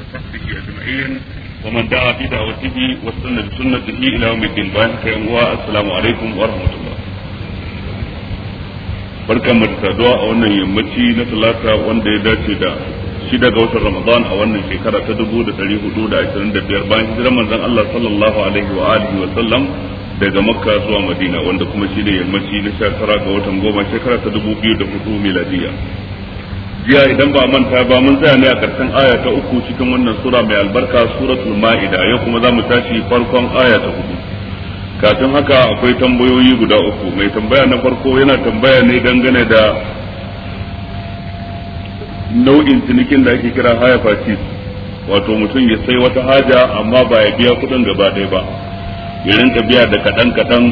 وصحبه أجمعين ومن دعا في واستنى بسنته إلى يوم الدين بارك السلام عليكم ورحمة الله barkan mu da saduwa a wannan yammaci na talata wanda ya dace da shida ga watan ramadan a wannan shekara ta dubu da dari hudu da ashirin da biyar bayan hijirar manzon Allah sallallahu alaihi wa alihi wa sallam daga makka zuwa madina wanda kuma shi yammaci na sha tara ga watan goma shekara ta dubu biyu da hudu miladiya jiya idan ba manta ba mun tsaya ne a karshen aya ta uku cikin wannan sura mai albarka suratul ma'ida yau kuma za mu tashi farkon aya ta hudu kafin haka akwai tambayoyi guda uku mai tambaya na farko yana tambaya ne dangane da nau'in cinikin da ake kira haya fati wato mutum ya sai wata haja amma ba ya biya kuɗin gaba ɗaya ba ya rinka biya da kaɗan kaɗan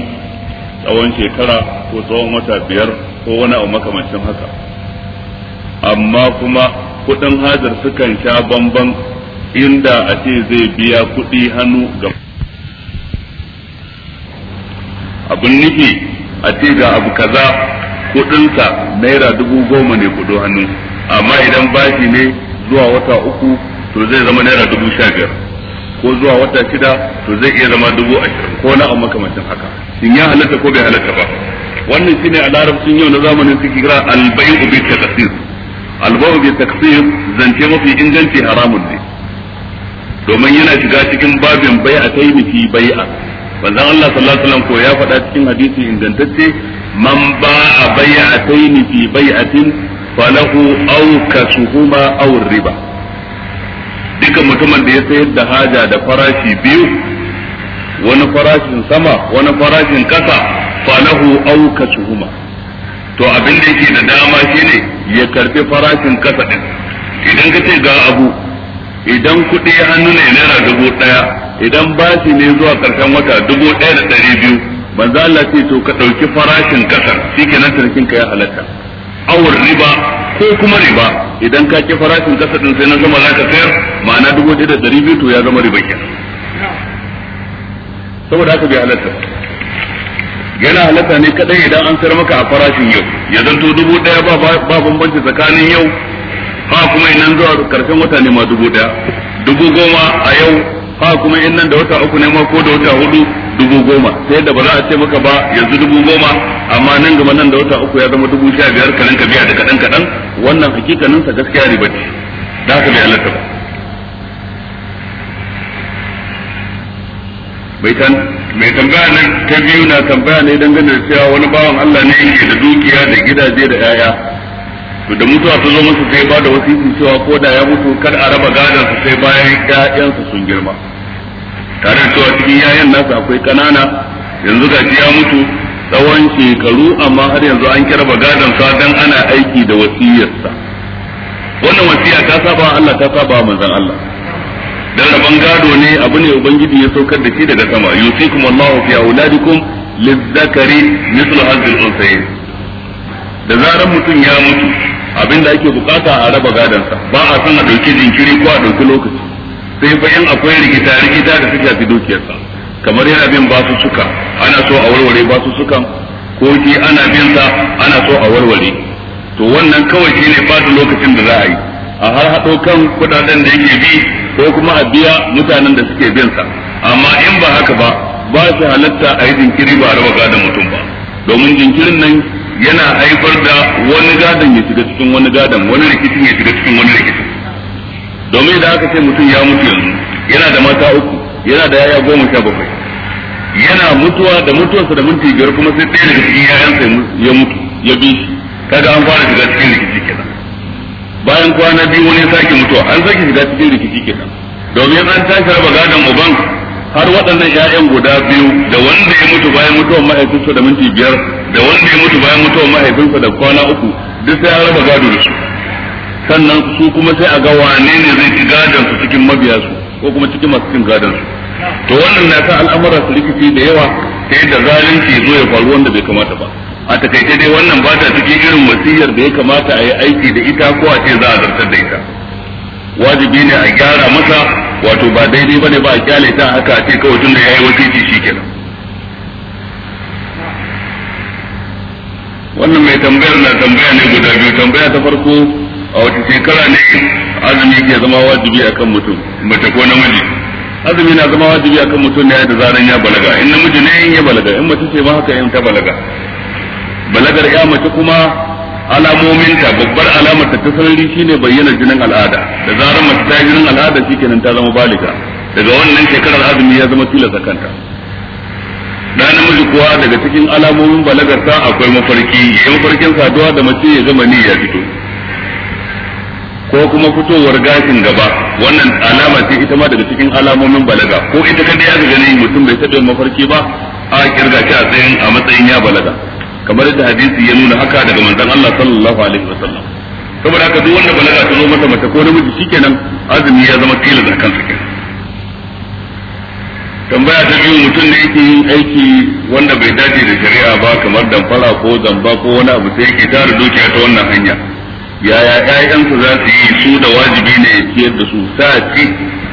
tsawon shekara ko tsawon wata biyar ko wani abu makamancin haka amma kuma kudin hajar sukan sha bamban inda a ce zai biya kudi hannu ga abin nufi a ce ga abu kaza kudinsa naira dubu goma ne kudu hannu amma idan bashi ne zuwa wata uku to zai zama naira dubu sha biyar ko zuwa wata shida to zai iya zama dubu ashirin ko na amma makamancin haka shin ya halatta ko bai halatta ba wannan shine a larabcin yau na zamanin suke kira ubi ta tasir albawu bi taksir zance mafi inganci haramun ne domin yana shiga cikin babin bai'a ta yi fi bai'a manzon Allah sallallahu alaihi wasallam ko ya faɗa cikin hadisi ingantacce man ba'a bai'atayn fi bai'atin falahu aw kasuhuma aw riba duka mutumin da ya sayar da haja da farashi biyu wani farashin sama wani farashin kasa falahu aw kasuhuma to abin da yake da dama shine ya karbi farashin kasa din idan ka ce ga abu idan kuɗi ya hannu ne naira dubu ɗaya idan bashi ne zuwa ƙarshen wata dubu ɗaya da ɗari biyu manzo Allah ce to ka ɗauki farashin kasa nan tarkin ka ya halatta awar riba ko kuma riba idan ka ke farashin kasa ɗin sai na zama za ka sayar ma'ana dubu ɗaya da ɗari biyu to ya zama riba kenan saboda haka bai halatta yana halatta ne kadai idan an sayar maka a farashin yau ya zanto dubu daya ba ba bambanci tsakanin yau ha kuma inan zuwa karshen wata ne ma dubu daya dubu goma a yau ha kuma in nan da wata uku ne ma ko da wata hudu dubu goma sai da ba za a ce maka ba yanzu dubu goma amma nan gaba nan da wata uku ya zama dubu sha biyar kanan ka biya da kadan kadan wannan hakikanin sa gaskiya riba ce da haka bai halatta ba mai tambaya nan ta biyu na tambaya ne don ganin cewa wani bawan Allah ne yake da dukiya da gidaje da yaya to da mutuwa ta zo masa sai ba da wasiki cewa ko da ya mutu kar a raba gadon su sai bayan ƴaƴansa sun girma tare da cewa cikin yayan nasu akwai ƙanana, yanzu ga ya mutu tsawon shekaru amma har yanzu an kira gadon sa dan ana aiki da wasiyarsa wannan wasiya ta saba Allah ta saba manzon Allah dan rabon gado ne abu ne ubangiji ya saukar da shi daga sama yusikum wallahu fi auladikum lizzakari mithlu hadhihi al da zaran mutum ya mutu abinda ake bukata a raba sa. ba a san a dauki jinkiri ko a dauki lokaci sai fa in akwai rigita rigita da suka fi sa. kamar yana bin basu suka ana so a warware basu suka ko shi ana bin sa ana so a warware to wannan kawai shine ba lokacin da za a yi a har haɗo kan kudaden da yake bi sai kuma a biya mutanen da suke bin sa amma in ba haka ba ba su halatta a yi jinkiri ba raba gadon mutum ba domin jinkirin nan yana haifar da wani gadon ya shiga cikin wani gadon wani rikicin ya shiga cikin wani rikicin domin da aka ce mutum ya mutu yanzu yana da mata uku yana da yaya goma sha bakwai yana mutuwa da mutuwarsa da minti biyar kuma sai ɗaya daga cikin yayansa ya mutu ya bi shi kaga an fara shiga cikin rikici kenan bayan kwana biyu wani sake mutuwa an sake shiga cikin rikici ke nan domin an tashi raba gadon uban har waɗannan ƴaƴan guda biyu da wanda ya mutu bayan mutuwar mahaifinsa da minti biyar da wanda ya mutu bayan mutuwar mahaifinsa da kwana uku duk sai an raba gado da su sannan su kuma sai a ga wane ne zai ci gadon su cikin mabiya su ko kuma cikin masu cin gadon su to wannan na sa al'amura su rikici da yawa sai da zalunci zo ya faru wanda bai kamata ba a takaice dai wannan ba ta cikin irin wasiyar da ya kamata a yi aiki da ita ko a ce za a zartar da ita wajibi ne a gyara masa wato ba daidai ba ne ba a kyale ta haka a ce kawai tun da ya yi wasiki shi kenan wannan mai tambayar na tambaya ne guda biyu tambaya ta farko a wata shekara ne azumi ke zama wajibi a kan mutum mace ko namiji azumi na zama wajibi a kan mutum ne da zaran ya balaga in namiji ne in ya balaga in mace ce ma haka in ta balaga balagar ya mace kuma alamominta babbar alamar ta sarari shine bayyana jinin al'ada da zarar mace ta jinin al'ada shikenan ta zama baliga daga wannan shekarar azumi ya zama tilasta kanta da namiji kuwa daga cikin alamomin balagarsa akwai mafarki ya mafarkin saduwa da mace ya zama niyya fito ko kuma fitowar gashin gaba wannan alama ce ita ma daga cikin alamomin balaga ko ita kadai ya ga ganin mutum bai taɓa mafarki ba a kirga shi a tsayin a matsayin ya balaga kamar yadda hadisi ya nuna haka daga manzon Allah sallallahu alaihi wasallam saboda haka duk wanda balaga ta zo masa mace ko namiji shikenan azumi ya zama kila da kansa kenan tambaya ta biyu mutum ne yake yin aiki wanda bai dace da shari'a ba kamar damfara ko zamba ko wani abu sai yake tara dukiya ta wannan hanya yaya ƴaƴansu za su yi su da wajibi ne ya ciyar da su sa ci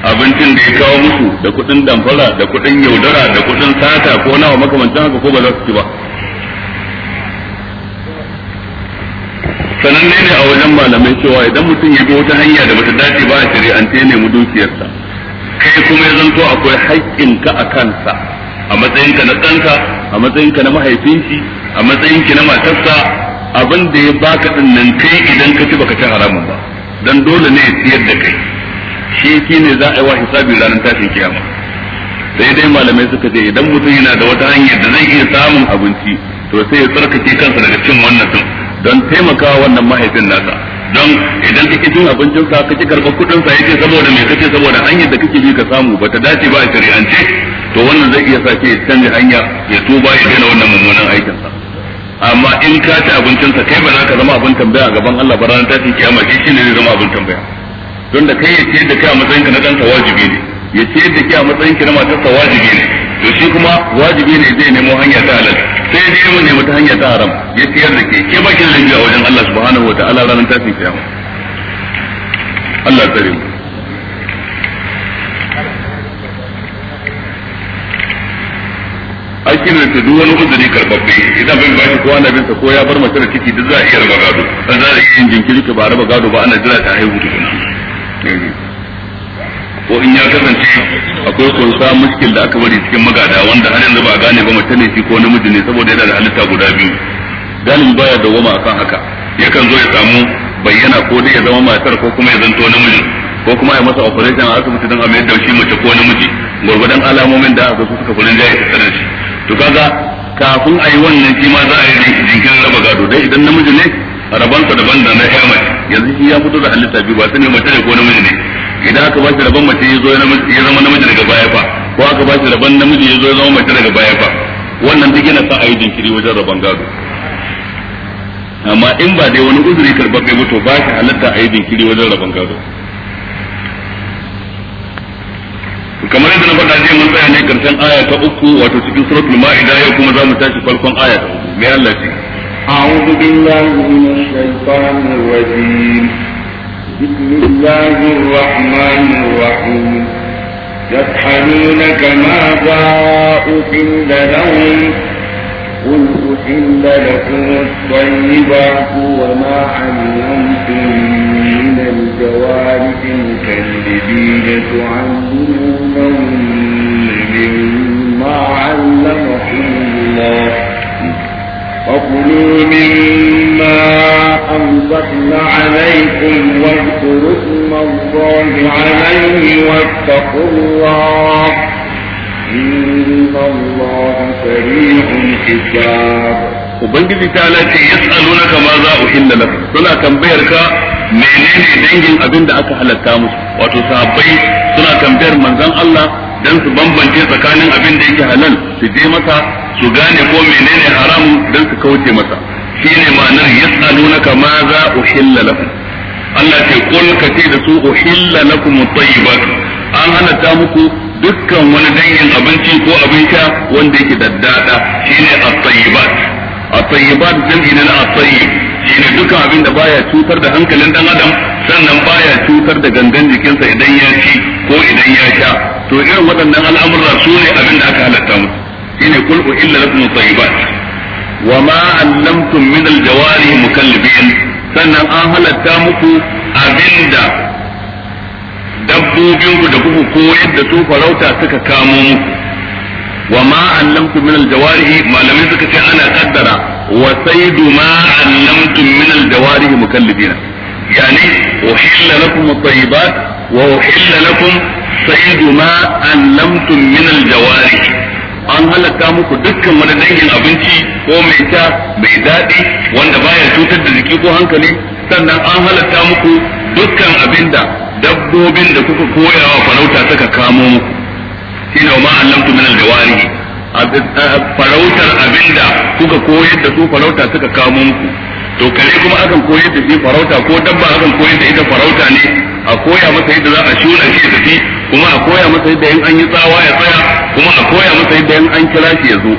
abincin da ya kawo musu da kuɗin damfara da kuɗin yaudara da kuɗin sata ko nawa makamancin haka ko ba za su ci ba sananne ne a wajen malamai cewa idan mutum ya bi wata hanya da bata dace ba a an ne mu dukiyarsa kai kuma ya zanto akwai haƙƙinka a kansa a matsayinka na ɗanka a matsayinka na mahaifinki a matsayinki na matarsa abin da ya baka din nan kai idan ka ci baka ci haramun ba dan dole ne ya siyar da kai shi ne za a yi wa hisabi ranar tashin kiyama sai dai malamai suka ce idan mutum yana da wata hanyar da zai iya samun abinci to sai ya tsarkake kansa daga cin wannan din don taimakawa wannan mahaifin nasa don idan kake cin abincin ka kake karɓar kuɗin sa yake saboda me kake saboda hanyar da kake bi ka samu ba ta dace ba a shari'ance to wannan zai iya sake ya canza hanya ya tuba ya daina wannan mummunan aikin sa amma in ka ci abincin sa kai ba za ka zama abin tambaya a gaban Allah ba ranar tashin kiyama shi ne zai zama abin tambaya don da kai ya ce da kai a matsayinka na ɗansa tawajibi ne ya ce da kai a matsayinka na matarsa tawajibi ne to shi kuma wajibi ne zai nemo hanya ta halal sai dai mun nemi ta hanya ta haram ya tiyar da ke ke bakin laifi a wajen Allah subhanahu wataala ranar tashin kiyama Allah ta mu an ne ta duwani uzuri karbabbe idan bai bashi ko ana binsa ko ya bar mace da ciki duk za a iya raba gado dan za a iya yin jinkiri ka ba raba gado ba ana jira ta haihu tukuna ko in ya kasance akwai kunsa muskil da aka bari cikin magada wanda har yanzu ba a gane ba mace ne shi ko namiji ne saboda yana da halitta guda biyu galibi baya goma akan haka yakan zo ya samu bayyana ko dai ya zama matar ko kuma ya zanto namiji ko kuma ya masa operation a asibiti don a mayar da shi mace ko namiji gwargwadon alamomin da aka suka furin jaya ya tare shi to kaga kafin a yi wannan shi ma za a yi jinkirin raba gado dai idan namiji ne rabansa daban da na yamai yanzu shi ya fito da halitta biyu ba sai ne mace ne ko namiji ne idan aka ba shi rabon mace ya zo ya zama namiji daga baya fa ko aka ba shi rabon namiji ya zo ya zama mace daga baya fa wannan duk yana sa a yi jinkiri wajen rabon gado amma in ba dai wani uzuri karɓar kai mutu ba shi halatta a yi jinkiri wajen rabon gado kamar yadda na faɗa jiya mun tsaya ne karshen aya ta uku wato cikin suratul ma'ida yau kuma za mu tashi farkon aya ta uku mai Allah ce أعوذ بالله من الشيطان الرجيم بسم الله الرحمن الرحيم يسألونك ماذا أحل لهم قل أحل لكم الطيبات وما علمتم من الجوارح المكذبين تعلمونهن مما علمكم الله فكلوا مما أمسكنا عليكم واذكروا اسم الله عليه واتقوا الله إن الله سريع الحساب ubangiji ta lace yas'alunaka ma za a uhilla lakum suna tambayar ka menene dangin abin da aka halatta musu wato sahabbai suna tambayar manzon Allah dan su bambance tsakanin abin da yake halal su je masa su gane ko menene haramu dan su kauce masa shine ma'anar yas'alunaka ma za uhilla lakum Allah ce kul ka ce da su uhilla lakum at-tayyibat an halatta muku dukkan wani dangin abinci ko abin sha wanda yake daddada shine at-tayyibat at-tayyibat jam'i na at-tayyib shine dukkan abin da baya cutar da hankalin dan adam sannan baya cutar da gangan jikinsa idan ya ci ko idan ya sha to irin waɗannan al'amura su ne abin da aka halatta musu shine kul uhilla lakum at-tayyibat wa ma allamtum min aljawari mukallibin sannan an halatta muku abinda dabbobinku da kuku koyar da su farauta suka kamo muku wa ma allamtum min aljawari malamai suka ce ana kaddara wa saydu ma allamtum min aljawari mukallibin yani uhilla lakum at-tayyibat wa uhilla lakum saydu ma allamtum min aljawari an halatta muku dukkan wani dangin abinci ko mai ta mai daɗi wanda baya cutar da jiki ko hankali sannan an halatta muku dukkan abinda dabbobin da kuka koyawa farauta suka kamo muku shine ma allamtu min aljawari farautar abinda kuka koyar da su farauta suka kamo muku to kare kuma akan koyar da shi farauta ko dabba akan koyar da ita farauta ne a koya masa yadda za a shura shi da shi kuma a koya masa yadda in an yi tsawa ya tsaya kuma a koya masa yadda in an kira shi ya zo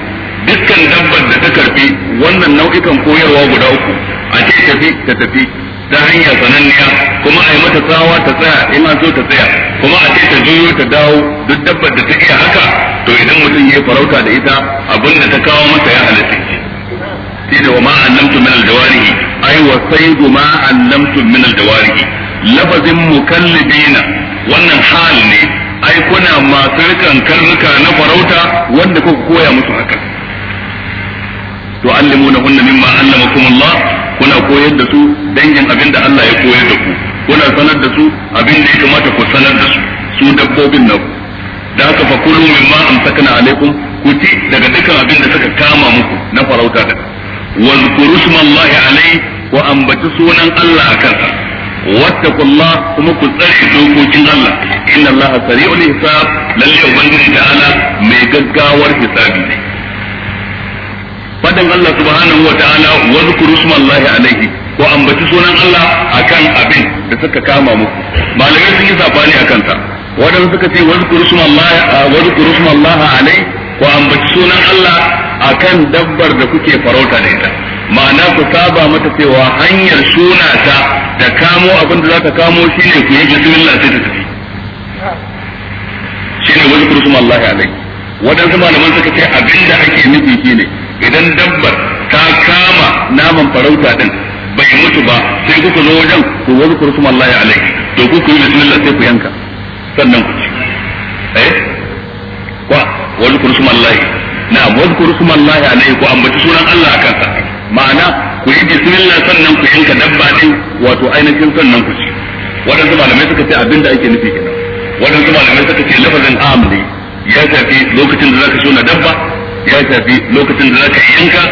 dukkan dabbar da ta karfi wannan nau'ikan koyarwa guda uku a ce tafi ta tafi ta hanya sananniya kuma a yi mata tsawa ta tsaya in an so ta tsaya kuma a ce ta juyo ta dawo duk dabbar da ta iya haka to idan mutum ya farauta da ita abin da ta kawo masa ya halatta shi da wa ma annamtu min al-jawarihi wa sayyidu ma annamtu min al lafazin mukallibina wannan hal ne ai kuna masu rikan karnuka na farauta wanda kuka koya musu haka to na hunna mimma allamakum Allah kuna koyar da su dangin abin da Allah ya koyar da ku kuna sanar da su abin da ya kamata ku sanar da su su dabbobin nan da haka fa kullu mimma amsakna alaikum ku ci daga dukkan abin da suka kama muku na farauta da wa zkuru smallahi alai wa ambatu sunan Allah akan wattaqullah kuma ku tsare dokokin Allah inna Allah sari'ul hisab lalle ubangiji ala, mai gaggawar hisabi ne fadan Allah subhanahu wa ta'ala wa zkuru ismallahi alaihi ko ambaci sunan Allah akan abin da suka kama muku malamai sun yi sabani akan ta wadanda suka ce wa zkuru ismallahi wa zkuru ismallahi alaihi ko ambaci sunan Allah akan dabbar da kuke farauta da ita ma'ana ku saba mata cewa hanyar suna ta da kamo abin da zaka kamo shi ne ku yi bismillah sai ta tafi Shi ne wani kursum Allah alai waɗansu malaman suka ce abin da ake nufi ne. idan dabbar ta kama naman farauta din bai mutu ba sai kuka zo wajen ku wani kursum Allah alai to ku ku yi bismillah sai ku yanka sannan ku ci eh wa wani kursum Allah na'am wani kursum Allah alai ku ambaci sunan Allah akan sa ma'ana ku yi bismillah sannan ku yanka dabba din wato ainihin sannan ku ci waɗansu malamai suka ce abin da ake nufi kenan waɗansu malamai suka ce lafazin am ya shafi lokacin da zaka shona dabba ya shafi lokacin da zaka yanka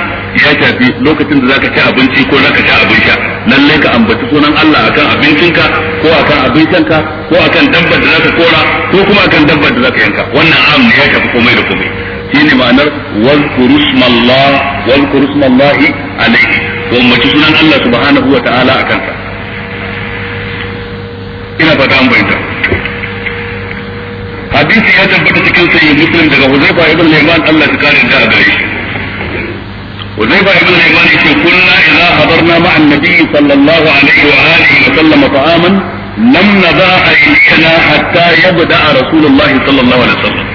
ya shafi lokacin da zaka ci abinci ko zaka ci abin sha lalle ka ambaci sunan Allah akan abincinka ko akan abin shanka ko akan dabbar da zaka kora ko kuma akan dabbar da zaka yanka wannan am ya shafi komai da komai shine ma'anar wazkuru smallah wazkuru smallahi alayhi ko mace sunan Allah subhanahu wa ta'ala a kanta ina fata an bayyana hadisi ya tabbata cikin sahih muslim daga Huzaifa ibn Liman Allah ta kare da gare shi Huzaifa ibn Liman yake kunna idza hadarna ma'a an-nabi sallallahu alaihi wa alihi wa sallam ta'aman lam nada'a aydina hatta yabda'a rasulullahi sallallahu alaihi wa sallam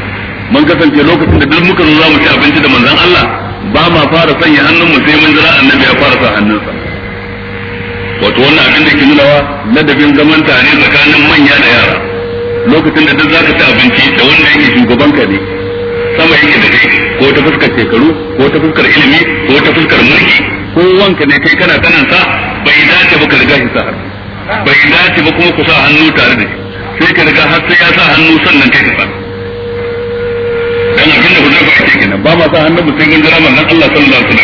mun kasance lokacin da duk muka zo za mu ci abinci da manzon Allah ba ma fara sanya hannunmu sai mun jira annabi ya fara sa hannunsa wato wannan abin da ke wa ladabin zaman tare tsakanin manya da yara lokacin da duk zaka ci abinci da wanda yake shugaban ka ne sama yake da kai ko ta fuskar shekaru ko ta fuskar ilimi ko ta fuskar mulki ko wanka ne kai kana kanan sa bai dace ba ka riga shi sa bai dace ba kuma ku sa hannu tare da shi sai ka riga har sai ya sa hannu sannan kai ka sa lokaci kenan ba ma sa hannun Allah sallallahu alaihi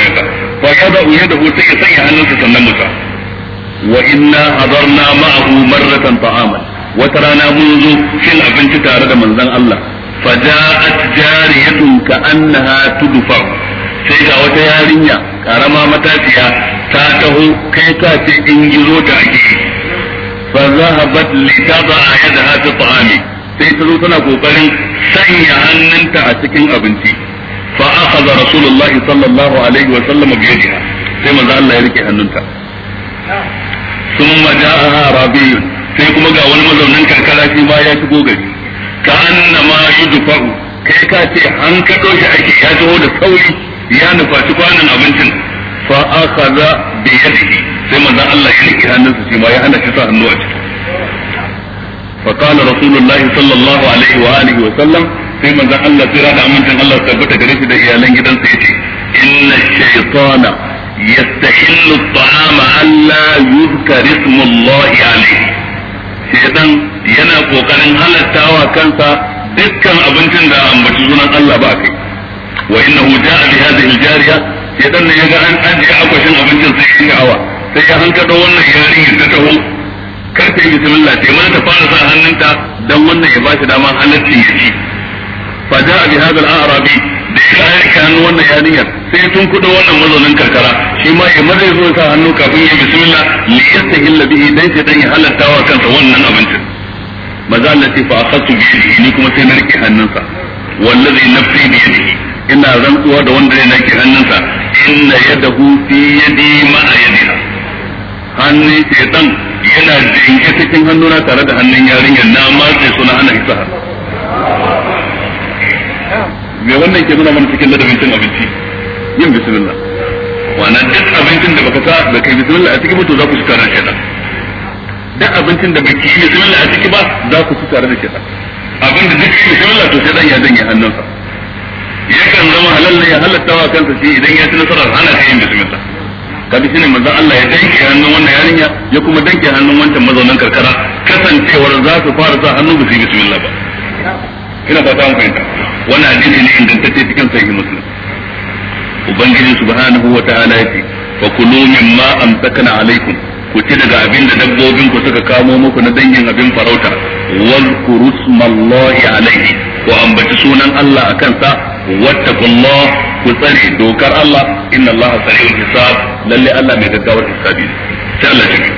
fa sai ya sanya sannan wa inna hadarna ma'ahu marratan rana mun zo cin abinci tare da manzon Allah fa ja'at jariyatun ka annaha tudfa sai ga wata yarinya karama matafiya ta taho kai ka ce in gizo ake fa zahabat li tada'a yadaha fi ta'ami sai ta zo tana kokarin sanya hannunta a cikin abinci fa akhadha rasulullah sallallahu alaihi wa sallam bi yadiha sai manzo Allah ya rike hannunta thumma jaa arabiyun sai kuma ga wani mazaunin karkara shi ma ya shigo gari ka annama yudfa'u kai ka ce an ka shi ake ya taho da sauri ya nufaci kwanan abincin fa akhadha bi yadihi sai manzo Allah ya rike hannunsa shi ma ya hana shi sa hannu a ciki فقال رسول الله صلى الله عليه وآله وسلم sai manzon Allah tsira da amincin Allah tabbata gare shi da iyalan gidansa yace inna shaytana yastahillu at-ta'ama alla yuzkar ismu Allah alayhi shaytan yana kokarin halattawa kansa dukkan abincin da ambaci sunan Allah ba kai wa innahu ja'a bi hadhihi al-jariya shaytan ne yaga an ajiye akwashin abincin sai ya awa sai ya hankado wannan yarinyar ta taho kar ta yi bismillah sai mana ta fara sa hannunta dan wannan ya bashi dama halaccin ya ci fa da bi hada al-arabi da ya ga ya wannan yarinyar sai tun kudo wannan mazaunin karkara shi ma ya maza zo sa hannu kafin ya bismillah li yastahilla bihi dan sai dan ya halatta wa kansa wannan abincin maza Allah ce fa akhadtu bi ni kuma sai na rike hannunsa wallazi nafsi bi yadihi ina rantsuwa da wanda ne nake hannunsa inna yadahu fi yadi ma yadiha hannun shaytan yana jinke cikin hannuna tare da hannun yarinyar na matse suna ana isa me wannan ke nuna mana cikin ladabin cin abinci yin bismillah wana duk abincin da baka sa da kai bismillah a ciki mutu za ku shi tare da shi duk abincin da baki yi bismillah a ciki ba za ku shi tare da shi abin da duk shi bismillah to shaitan ya janye hannunsa yakan zama halal ne ya halatta wa kansa shi idan ya ci nasarar ana ta yin bismillah kaga shine manzon Allah ya danke hannun wannan yarinya ya kuma danke hannun wancan mazaunan karkara kasancewar za su fara sa hannu ba su yi bismillah ba ina fata mun fahimta wannan hadisi ne ingantacce cikin sahih muslim ubangiji subhanahu wa ta'ala yace fa kulu mimma amsakna alaikum ku ci daga abin da dabbobin ku suka kamo muku na dangin abin farauta wal kurusmallahi alaihi ku ambaci sunan Allah akan sa wattaqullah ku tsare dokar Allah inna Allah sari'ul hisab lalle Allah mai gaggawar hisabi sai Allah ya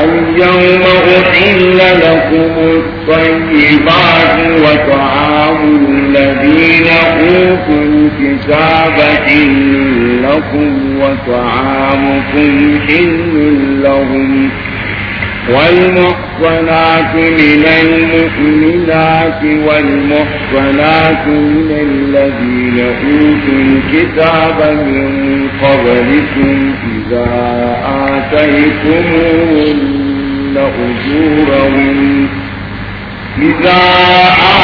اليوم أحل لكم الطيبات وطعام الذين أوتوا الكتاب حل لكم وطعامكم حل لهم والمحصنات من المؤمنات والمحصنات من الذين أوتوا الكتاب من قبلكم إذا آتيتموهن أجورهن إذا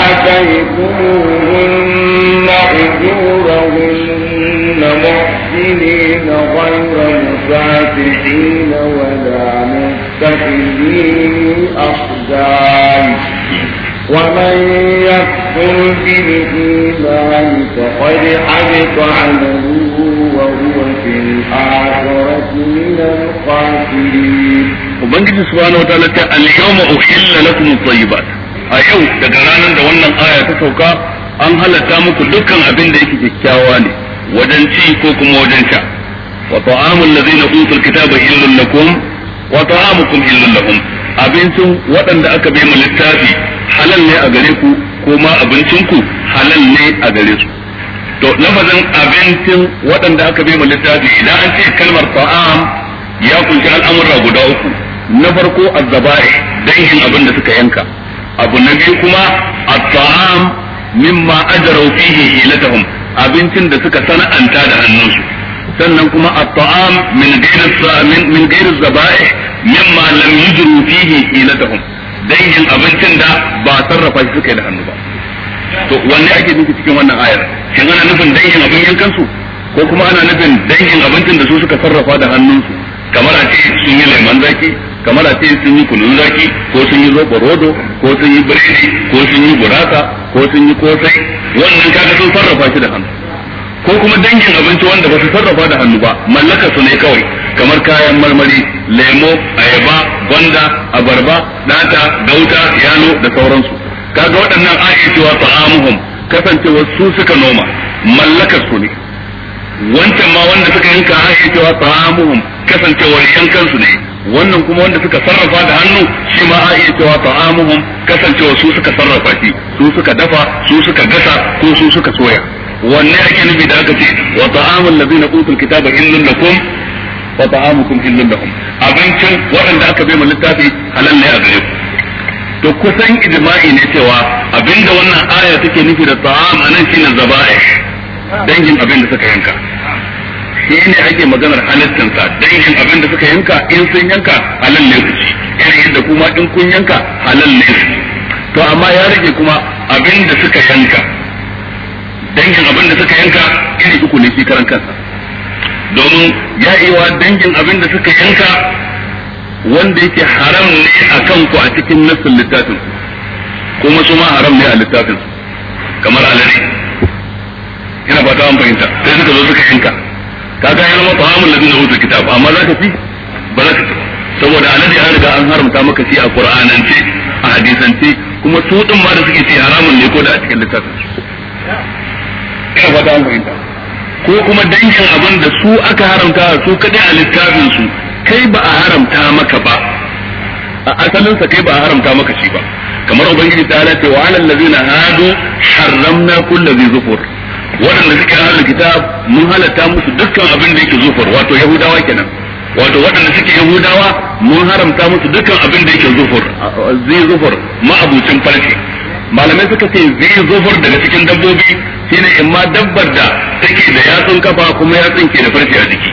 آتيتموهن أجورهن محسنين غير مسافحين تحمل أقدام ومن يكفر بالإيمان فقد حبط عمله وهو في الآخرة من الخاسرين Ubangiji subhanahu wa ta al-yawma uhilla lakum at-tayyibat a yau daga ranar da wannan aya ta sauka an halatta muku dukkan abin da yake kyakkyawa ne wajen ci ko kuma wajen sha wa ta'amul ladzina utul kitaba illal lakum wa ta'amukum illal lahum abincin waɗanda aka bai mu littafi halal ne a gare ku ma abincin ku halal ne a gare su to lafazin abincin waɗanda aka bai mu littafi idan an ce kalmar ta'am ya kunshi al'amura guda uku na farko azzaba'i dangin abin da suka yanka abu na biyu kuma at-ta'am mimma ajraw fihi ilatahum abincin da suka sana'anta da hannunsu sannan kuma at-ta'am min gairu min min gairu zaba'i mimma lam yujru fihi hilatuhum dangin abincin da ba sarrafa shi suka yi da hannu ba to wanne ake nufi cikin wannan ayar shin ana nufin dangin abin yankan su ko kuma ana nufin dangin abincin da su suka sarrafa da hannunsu kamar a ce sun yi lemon zaki kamar a ce sun yi kunun zaki ko sun yi zoɓo rodo ko sun yi biredi ko sun yi buraka ko sun yi kosai wannan kaga sun sarrafa shi da hannu ko kuma dangin abinci wanda ba su sarrafa da hannu ba mallaka su ne kawai kamar kayan marmari lemo ayaba gwanda abarba data gauta yalo da sauransu kaga waɗannan ayi cewa ta'amuhum kasancewa su suka noma mallakar su ne wancan ma wanda suka yanka ayi cewa ta'amuhum kasancewa yankan su ne wannan kuma wanda suka sarrafa da hannu shi ma a iya cewa ta'amuhum kasancewa su suka sarrafa shi su suka dafa su suka gasa ko su suka soya wanne ake nufi da aka ce wa ta'amul ladina utul kitaba illal lakum wa ta'amukum illal lakum abincin waɗanda aka bai mu littafi halal ne a gare ku to kusan ijma'i ne cewa abinda wannan aya take nufi da ta'am anan shine zaba'ish dangin abin da suka yanka shi ne ake maganar halittanka dangin abin da suka yanka in sun yanka halal ne su ci irin yadda kuma in kun yanka halal ne su to amma ya rage kuma abin da suka yanka dangin abin da suka yanka iri uku ne shi karan kansa domin ya wa dangin abin da suka yanka wanda yake haram ne a kanku a cikin nassin littafin kuma su ma haram ne a littafin kamar alade ina fata an fahimta sai suka zo suka yanka kaga ya zama fahimun ladin da wutar kitab amma za ka fi ba za ka ci saboda alade an riga an haramta maka shi a qur'anance a hadisance kuma su din ma da suke ce haramun ne ko da a cikin littafin ina fata fahimta ko kuma dangin abin da su aka haramta su kadai a littafin su kai ba a haramta maka ba a asalinsa kai ba a haramta maka shi ba kamar ubangiji ta ce wa alal ladina hadu harramna kullu dhi zufur waɗanda suke ahlul kitab mun halatta musu dukkan abin da yake zufur wato yahudawa kenan wato waɗanda suke yahudawa mun haramta musu dukkan abin da yake zufur zai zufur ma abucin farce malamai suka ce zai zufur daga cikin dabbobi shine in ma dabbar da take da yatsun kafa kuma yatsun ke da farce a jiki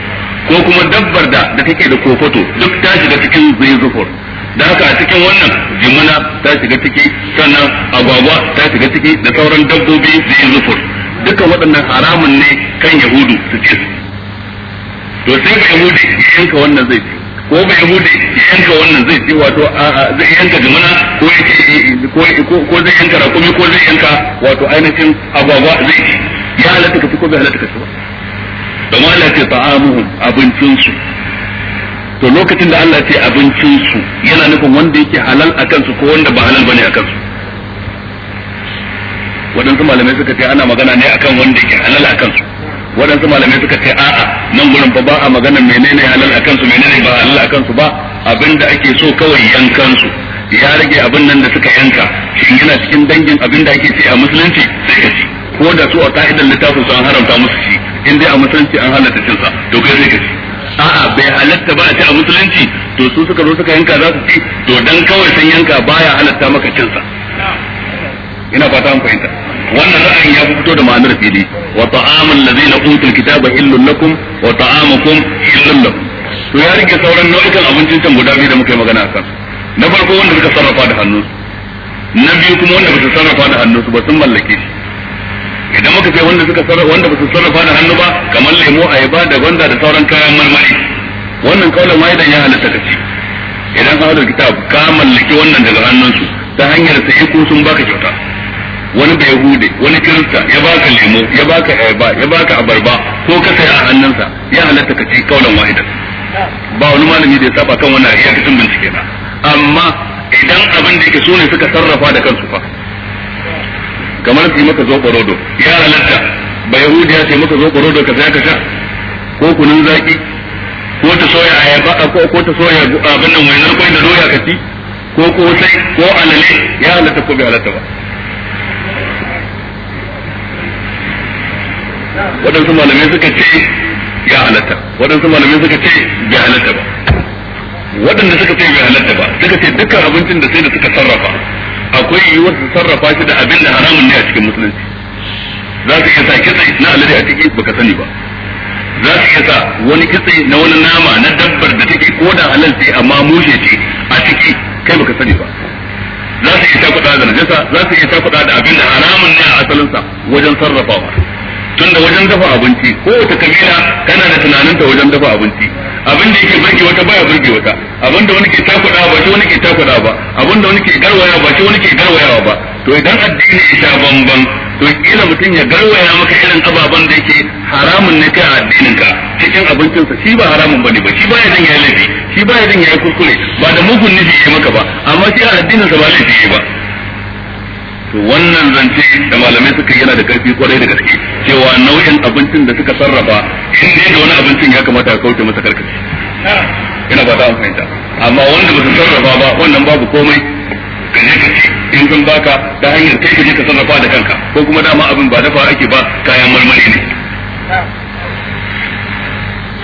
ko kuma dabbar da da take da kofato duk ta shiga cikin zuzufur zufur da haka a cikin wannan jimuna ta shiga ciki sannan agwagwa ta shiga ciki da sauran dabbobi zai zufur dukkan waɗannan haramun ne kan yahudu su ce to sai ga yahudi yanka wannan zai ci ko ba ya bude yanka wannan zai ce wato zai yanka jimina ko ko zai yanka rakumi ko zai yanka wato ainihin agwagwa zai ci ya halatta ka ko bai halatta ka ci ba domin Allah ce ta'amuhum abincinsu to lokacin da Allah ce abincinsu yana nufin wanda yake halal a kansu ko wanda ba halal bane a kansu waɗansu malamai suka ce ana magana ne akan wanda yake halal a kansu waɗansu malamai suka ce a'a nan gurin fa ba a magana menene halal a kansu menene ba halal a kansu ba abin da ake so kawai yankan su ya rage abin nan da suka yanka shin yana cikin dangin abin da ake ce a musulunci sai ka ci ko da su a ka'idar littafin su an haramta musu shi in dai a musulunci an halatta cin sa to kai sai ka ci a'a bai halatta ba a ci a musulunci to su suka zo suka yanka za su ci to dan kawai sun yanka baya halatta maka cin sa ina fata an fahimta wannan ra'ayin ya fito da ma'anar fili wa ta'amul ladzina utul kitaba illun lakum wa ta'amukum illun lakum to ya rike sauran nau'ikan abincin can guda biyu da muka yi magana akan, na farko wanda suka sarrafa da hannu na biyu kuma wanda ba sarrafa da hannu su ba sun mallake shi idan muka ce wanda suka sarrafa wanda ba sarrafa da hannu ba kamar lemo ayaba da gwanda da sauran kayan marmari wannan kaulan ma idan ya halatta da shi idan ahlul kitab ka mallaki wannan daga hannunsu ta hanyar sai ko sun baka kyauta wani bai hude wani kirista ya baka lemo ya baka ayaba ya baka abarba ko ka saya a hannunsa ya halatta ka ci kaulan wahidan ba wani malami da ya saba kan wannan iyakacin bincike na amma idan abin da yake so ne suka sarrafa da kansu fa kamar su yi maka zo rodo ya halatta ba yahudi ya ce maka zo rodo ka saya ka sha ko kunun zaki ko ta soya ayaba ko ko ta soya abin nan wainar kwai da doya ka ci ko ko sai ko alale ya halatta ko bai halatta ba waɗansu malamai suka ce ya halatta waɗansu malamai suka ce ya halatta ba waɗanda suka ce bai halatta ba suka ce dukkan abincin da sai da suka sarrafa akwai yiwuwar su sarrafa shi da abin da haramun ne a cikin musulunci za su iya sa na alade a ciki baka sani ba za su iya sa wani kitsi na wani nama na dabbar da take ko da halal ce amma mushe ce a ciki kai baka sani ba za su iya sa kuɗa da najasa za su iya sa kuɗa da abin da haramun ne a asalinsa wajen sarrafawa tunda wajen dafa abinci ko wata kabila kana da tunanin ta wajen dafa abinci abin da yake burge wata baya burge wata abin da wani ke takuda ba shi wani ke takuda ba abin da wani ke garwaya ba shi wani ke garwayawa ba to idan addini ya sha bamban to kila mutum ya garwaya maka irin ababen da yake haramun ne kai addinin ka cikin abincinsa shi ba haramun bane ba shi baya dan ya laifi shi baya dan ya kuskure ba da mugun nufi ya maka ba amma shi addinin sa ba laifi ba to wannan zance da malamai suka yana da karfi kwarai da gaske cewa nau'in abincin da suka sarrafa shi ne da wani abincin ya kamata a kauce masa karkace ina ba ta an fahimta amma wanda ba su sarrafa ba wannan babu komai ka je ka ci in sun baka ta hanyar kai ka je ka sarrafa da kanka ko kuma dama abin ba dafa ake ba kayan marmari ne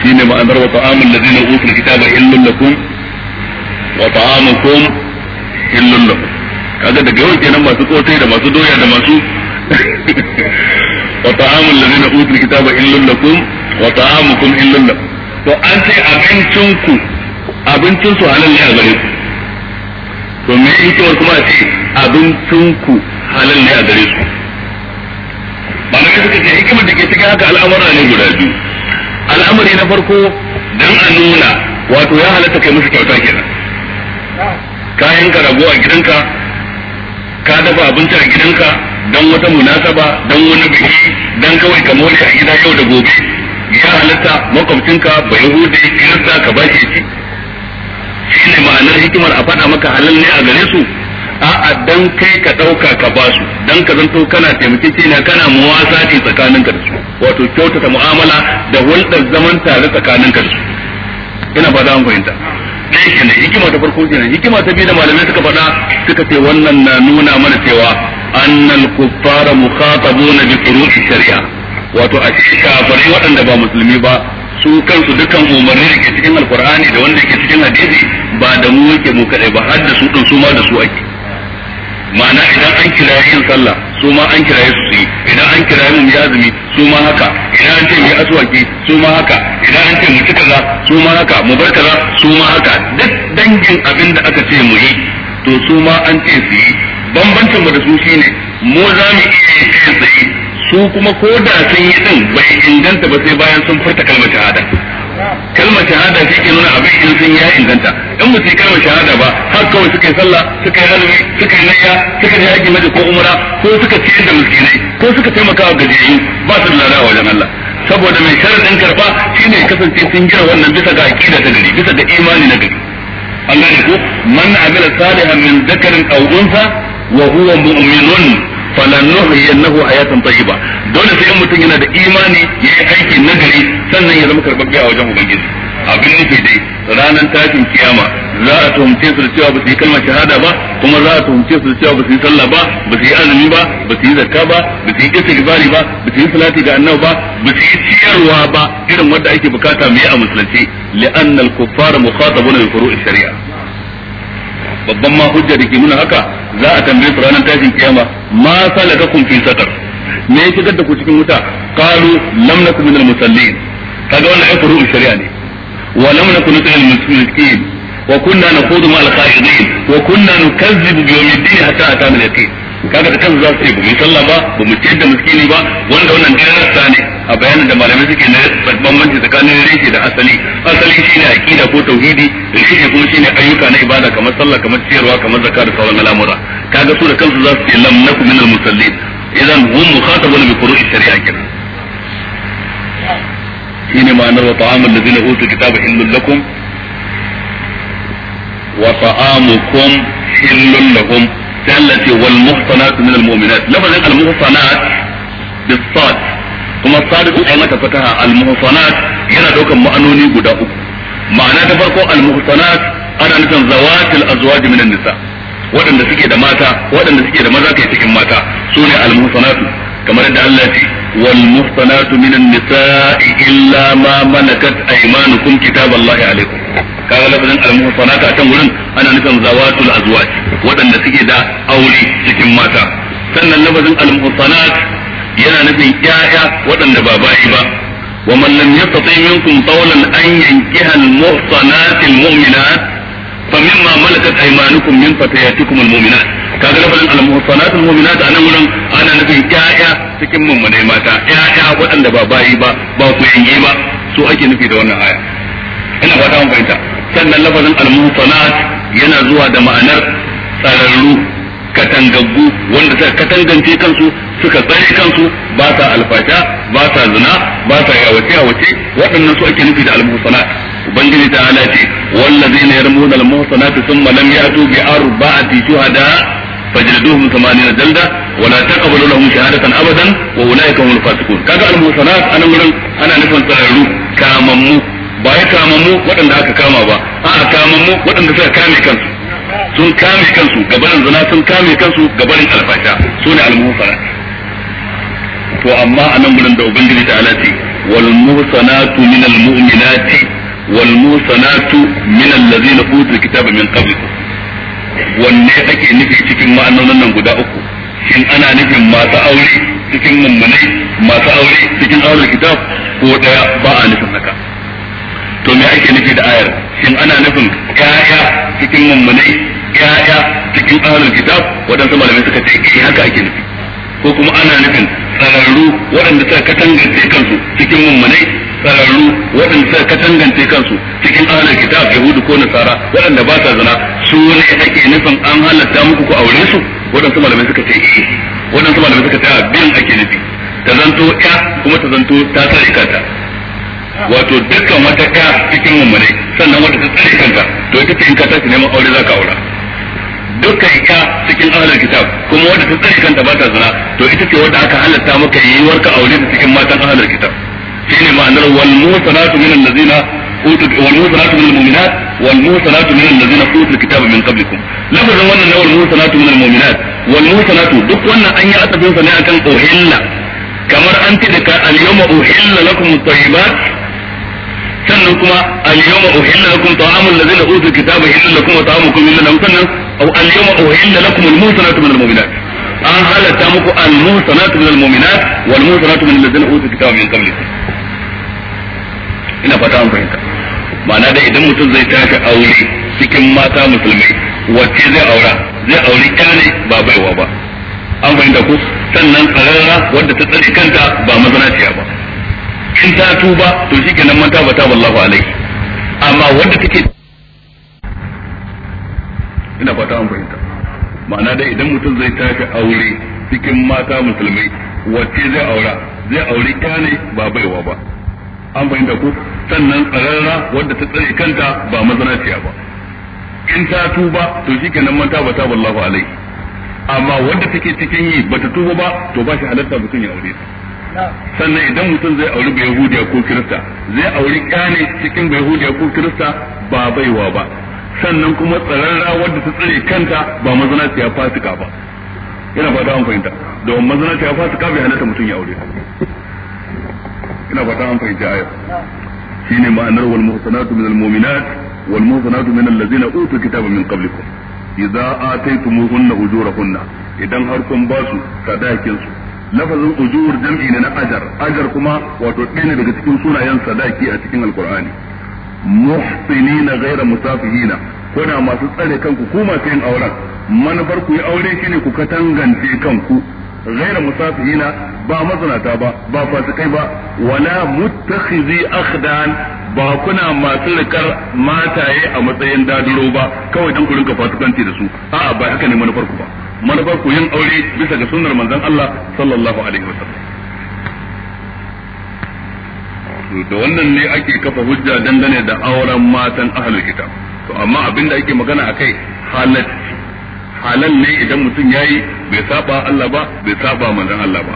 shi ne ma'anar wa ta'amul ladzina utul kitaba illal lakum wa ta'amukum illal lakum kaga daga yau kenan masu kotai da masu doya da masu wa ta'amul ladina utul kitaba illal lakum wa ta'amukum illal lakum to an ce abincin ku abincin su halal ne a gare ku to me yake kuma a ce abincin ku halal ne a gare su malamai suka ce hikimar da ke cikin haka al'amura ne guda biyu al'amari na farko dan a nuna wato ya halatta kai musu kyauta kenan kayan ka rago a gidanka ka dafa abinci a gidanka don wata munasaba don wani biki don kawai ka more a gida yau da gobe ya halatta makwabcinka ba yahude kirista ka ba shi ci shi ne ma'anar hikimar a faɗa maka halin ne a gare su a'a don kai ka ɗauka ka ba su don ka zanto kana cina kana muwasa ce ka da su wato kyautata mu'amala da hulɗar zaman tare ka da su ina ba za mu fahimta ɗaya ne hikima ta farko ne hikima ta biyu da malamai suka faɗa suka ce wannan na nuna mana cewa أن الكفار مخاطبون بفروض الشريعة وتؤكد كافرين waɗanda ba musulmi ba su kansu dukkan umarni da ke cikin alkur'ani da wanda ke cikin hadisi ba da mu yake mu kadai ba har da su din su ma da su ake ma'ana idan an kira yin sallah su ma an kira su yi idan an kira yin yazumi su ma haka idan an ce mu aswaki su ma haka idan an ce mu ci kaza su ma haka mu bar kaza su ma haka duk dangin abin da aka ce mu yi to su ma an ce su yi bambancin mu da su shine mu za mu iya yin kai tsaye su kuma ko da sun yi din bai inganta ba sai bayan sun furta kalmar shahada kalmar shahada shi ke nuna abin in sun ya inganta in mu sai kalmar shahada ba har kawai suka yi sallah suka yi azumi suka yi naya suka yi haji maji ko umra ko suka ciyar da miskinai ko suka taimaka wa gajiyayyu ba su da lada wajen Allah saboda mai sharadin karba shine kasance sun gina wannan bisa ga aqida ta gari bisa ga imani na gari Allah ne ko man amila salihan min zakarin wa huwa mu'minun falanuhyiyannahu hayatan ba dole sai mutum yana da imani yayi aiki nagari sannan ya zama karbabbe a wajen ubangiji abin nufi dai ranar tashin kiyama za a tuhumce su da cewa ba su yi kalmar shahada ba kuma za a tuhumce su da cewa ba su yi sallah ba ba su yi azumi ba ba su yi zakka ba ba su yi istighfari ba ba su yi salati ga annabi ba ba su yi ciyarwa ba irin wanda ake bukata mu yi a musulunci li'anna al-kuffara mukhatabuna bi furu'i shari'a babban ma hujja da ke nuna haka za a tambaye su ranar tashin kiyama ma kun fi sakar me yake shigar ku cikin wuta qalu lam nakum minal musallin kaga wannan ayatu furu'u shari'a ne wa lam nakum minal musallin wa kunna naqudu ma al-qa'idin wa kunna nukazzibu bi yawmiddin hatta atana al-yaqin kaga da kan za su yi bu mu yi sallah ba ba mu ciyar da miskini ba wanda wannan dai na ne a bayanin da malamai suke na bambanci tsakanin reshe da asali asali shine aqida ko tauhidi reshe kuma shine ayyuka na ibada kamar sallah kamar ciyarwa kamar zakka da sauran al'amura kaga su da kansu za su ce lam nakum minal musallin idan hum mukhatabun bi qur'an shari'a kenan shine ma'anar wa ta'amul ladina utu kitaba illal lakum wa ta'amukum hillun lakum sai Allah ce wal min minal mu'minat lafazin al muhsanat bis sad kuma sad din ai mata fataha al muhsanat yana daukan ma'anoni guda uku ma'ana ta farko al muhsanat ana nufin zawatil azwaj minan nisa waɗanda suke da mata waɗanda suke da maza kai cikin mata su ne al muhsanatu kamar da Allah ce wal muhsanatu minan nisa'i illa ma malakat aymanukum kitaballahi alaikum kaga lafazin al-muhsanat a kan wurin ana nufin zawatul azwaj waɗanda suke da aure cikin mata sannan lafazin al-muhsanat yana nufin ƴaƴa waɗanda ba bayi ba wa man lam yastati minkum qawlan an yankiha al-muhsanat al-mu'minat فمما ملكت ايمانكم من فتياتكم المؤمنات kaga lafazin al-muhsanat al-mu'minat anan wurin ana nufin ƴaƴa cikin mummunai mata ƴaƴa waɗanda ba bayi ba ba ku yanke ba su ake nufi da wannan aya ina fata mun fahimta sannan lafazin al-muhsanat yana zuwa da ma'anar tsararru katangaggu wanda suka katangance kansu suka tsare kansu ba sa alfasha ba sa zina ba sa yawace yawace waɗannan su ake nufi da al-muhsanat ubangiji ta ala ce wallazina yarmuna al-muhsanat thumma lam ya'tu bi arba'ati shuhada fajliduhum 80 jalda ولا تقبلوا لهم شهادة أبدا وأولئك هم الفاسقون كذا المحصنات أنا مرن ana nufin tsararru كاممو ba ya mu waɗanda aka kama ba a a'a mu waɗanda suka kame kansu sun kame kansu gabanin zina sun kame kansu gabanin alfasha su ne almuhsana to amma a nan gurin da ubangiji ta alati wal muhsanatu min al mu'minati wal muhsanatu min allazina utul kitaba min qablikum wanne ake nufi cikin ma'anonin nan guda uku shin ana nufin masu aure cikin mummunai masu aure cikin aure kitab ko daya ba a nufin haka to me ake nufi da ayar shin ana nufin kaya cikin mummune kaya cikin ahlul kitab waɗansu malamai suka ce eh haka ake nufi ko kuma ana nufin tsararru waɗanda suka katangance kansu cikin mummune tsararru waɗanda suka katangance kansu cikin ahlul kitab yahudu ko nasara waɗanda ba sa zina su ne ake nufin an halatta muku ku aure su waɗansu malamai suka ce eh waɗansu malamai suka ce a bin ake nufi ta zanto ya kuma ta zanto ta tsare kanta wato dukkan wata ka cikin mummune sannan wata ta tsare kanta to ita ce in ka tashi neman aure za ka aura dukkan ka cikin ahlul kitab kuma wanda ta tsare kanta ba ta zina to ita ce wanda aka halatta maka yiwuwar ka aure ta cikin matan ahlul kitab shine ma'anar wal musanatu min allazina utul wal musanatu min almu'minat wal musanatu min allazina utul kitaba min qablikum lafazin wannan na wal musanatu min almu'minat wal musanatu duk wannan an yi asabin sa ne akan uhilla kamar an ce da ka al yawma uhilla lakum at-tayyibat sannan kuma al-yawma uhilla lakum ta'amul ladina utul kitaba illa lakum wa ta'amukum illa lakum sannan aw al-yawma uhilla lakum al-muhsanatu min al-mu'minat an halatta muku al-muhsanatu min al-mu'minat wal muhsanatu min ladina utul kitaba min qablikum ina fata an fahimta ma'ana da idan mutum zai tashi aure cikin mata musulmi wacce zai aura zai aure ta ne ba baiwa ba an fahimta ko sannan karara wadda ta tsare kanta ba mazanaciya ba in ta tuba to shi kenan man taba bata Allahu alai amma wanda take ina fata an fahimta ma'ana dai idan mutum zai tafi aure cikin mata musulmai wacce zai aura zai aure ta ne ba baiwa ba an fahimta ko sannan tsararra wadda ta tsare kanta ba mazanaciya ba in ta tuba to shi kenan man taba bata Allahu alai amma wadda take cikin yi bata tuba ba to ba shi halatta mutum ya aure ta sannan idan mutum zai auri bai yahudiya ko kirista zai auri ƙane cikin bai yahudiya ko kirista ba baiwa ba sannan kuma tsararra wadda ta tsare kanta ba mazanaciya fasika ba ina fata an fahimta domin mazanaciya fasika bai halatta mutum ya aure ina fata an fahimta ayar shine ma'anar wal muhsanatu minal mu'minat wal muhsanatu min ladzina utul kitaba min qablikum idza ataytumuhunna ujurahunna idan har kun ba su sadakin su lafazin ujur jam'i ne na ajar ajar kuma wato ɗaya daga cikin sunayen sadaki a cikin alqur'ani muhsinina ghayra musafihina kuna masu tsare kanku ku masu yin auren manufar ku yi aure shine ku katangance kanku raira musafihina ba mazinata ba ba fasikai ba wala muttakhizi akhdan ba kuna masu rikar mataye a matsayin daduro ba kawai dan ku rinka fasikanci da su a'a ba haka ne manufar ku ba manufar ku yin aure bisa ga sunnar manzon Allah sallallahu alaihi wasallam da wannan ne ake kafa hujja dangane da auren matan ahlul kitab to amma abinda ake magana akai halal halal ne idan mutum yayi bai saba Allah ba bai saba manzon Allah ba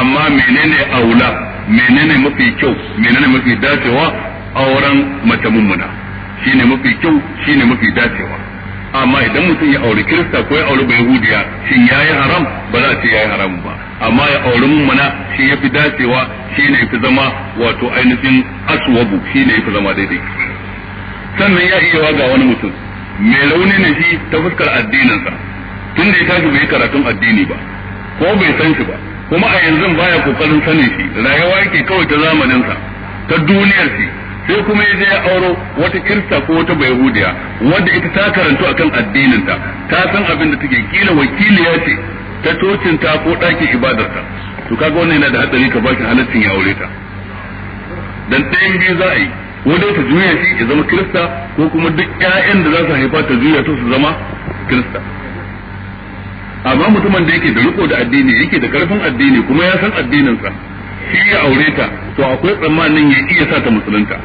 amma menene aula menene mafi kyau menene mafi dacewa auren mace mummuna shine mafi kyau shine mafi dacewa amma idan mutum ya auri kirista ko ya auri bai hudiya ya yi haram ba za a ce yi haram ba amma ya auri mana shi ya fi dacewa shi ne fi zama wato ainihin aswabu shi ne fi zama daidai sannan ya iya ga wani mutum mai launi ne shi ta fuskar addininsa tun da ya tashi bai karatun addini ba ko bai san shi ba kuma a yanzu baya kokarin sanin shi rayuwa yake kawai ta zamaninsa ta duniyar shi sai kuma ya je ya auro wata kirista ko wata bayahudiya wanda ita ta karantu akan addininta ta san abin da take kila wakiliya ce ta cocin ta ko ɗakin ibadarta to kaga wannan yana da hatsari ka baki halaccin ya aure ta dan ɗayan biyu za a yi ko dai ta juya shi ya zama kirista ko kuma duk ƴaƴan da za su haifa ta juya to su zama kirista amma mutumin da yake da riko da addini yake da karfin addini kuma ya san addininsa shi ya aure ta to akwai tsammanin ya iya sa ta musulunta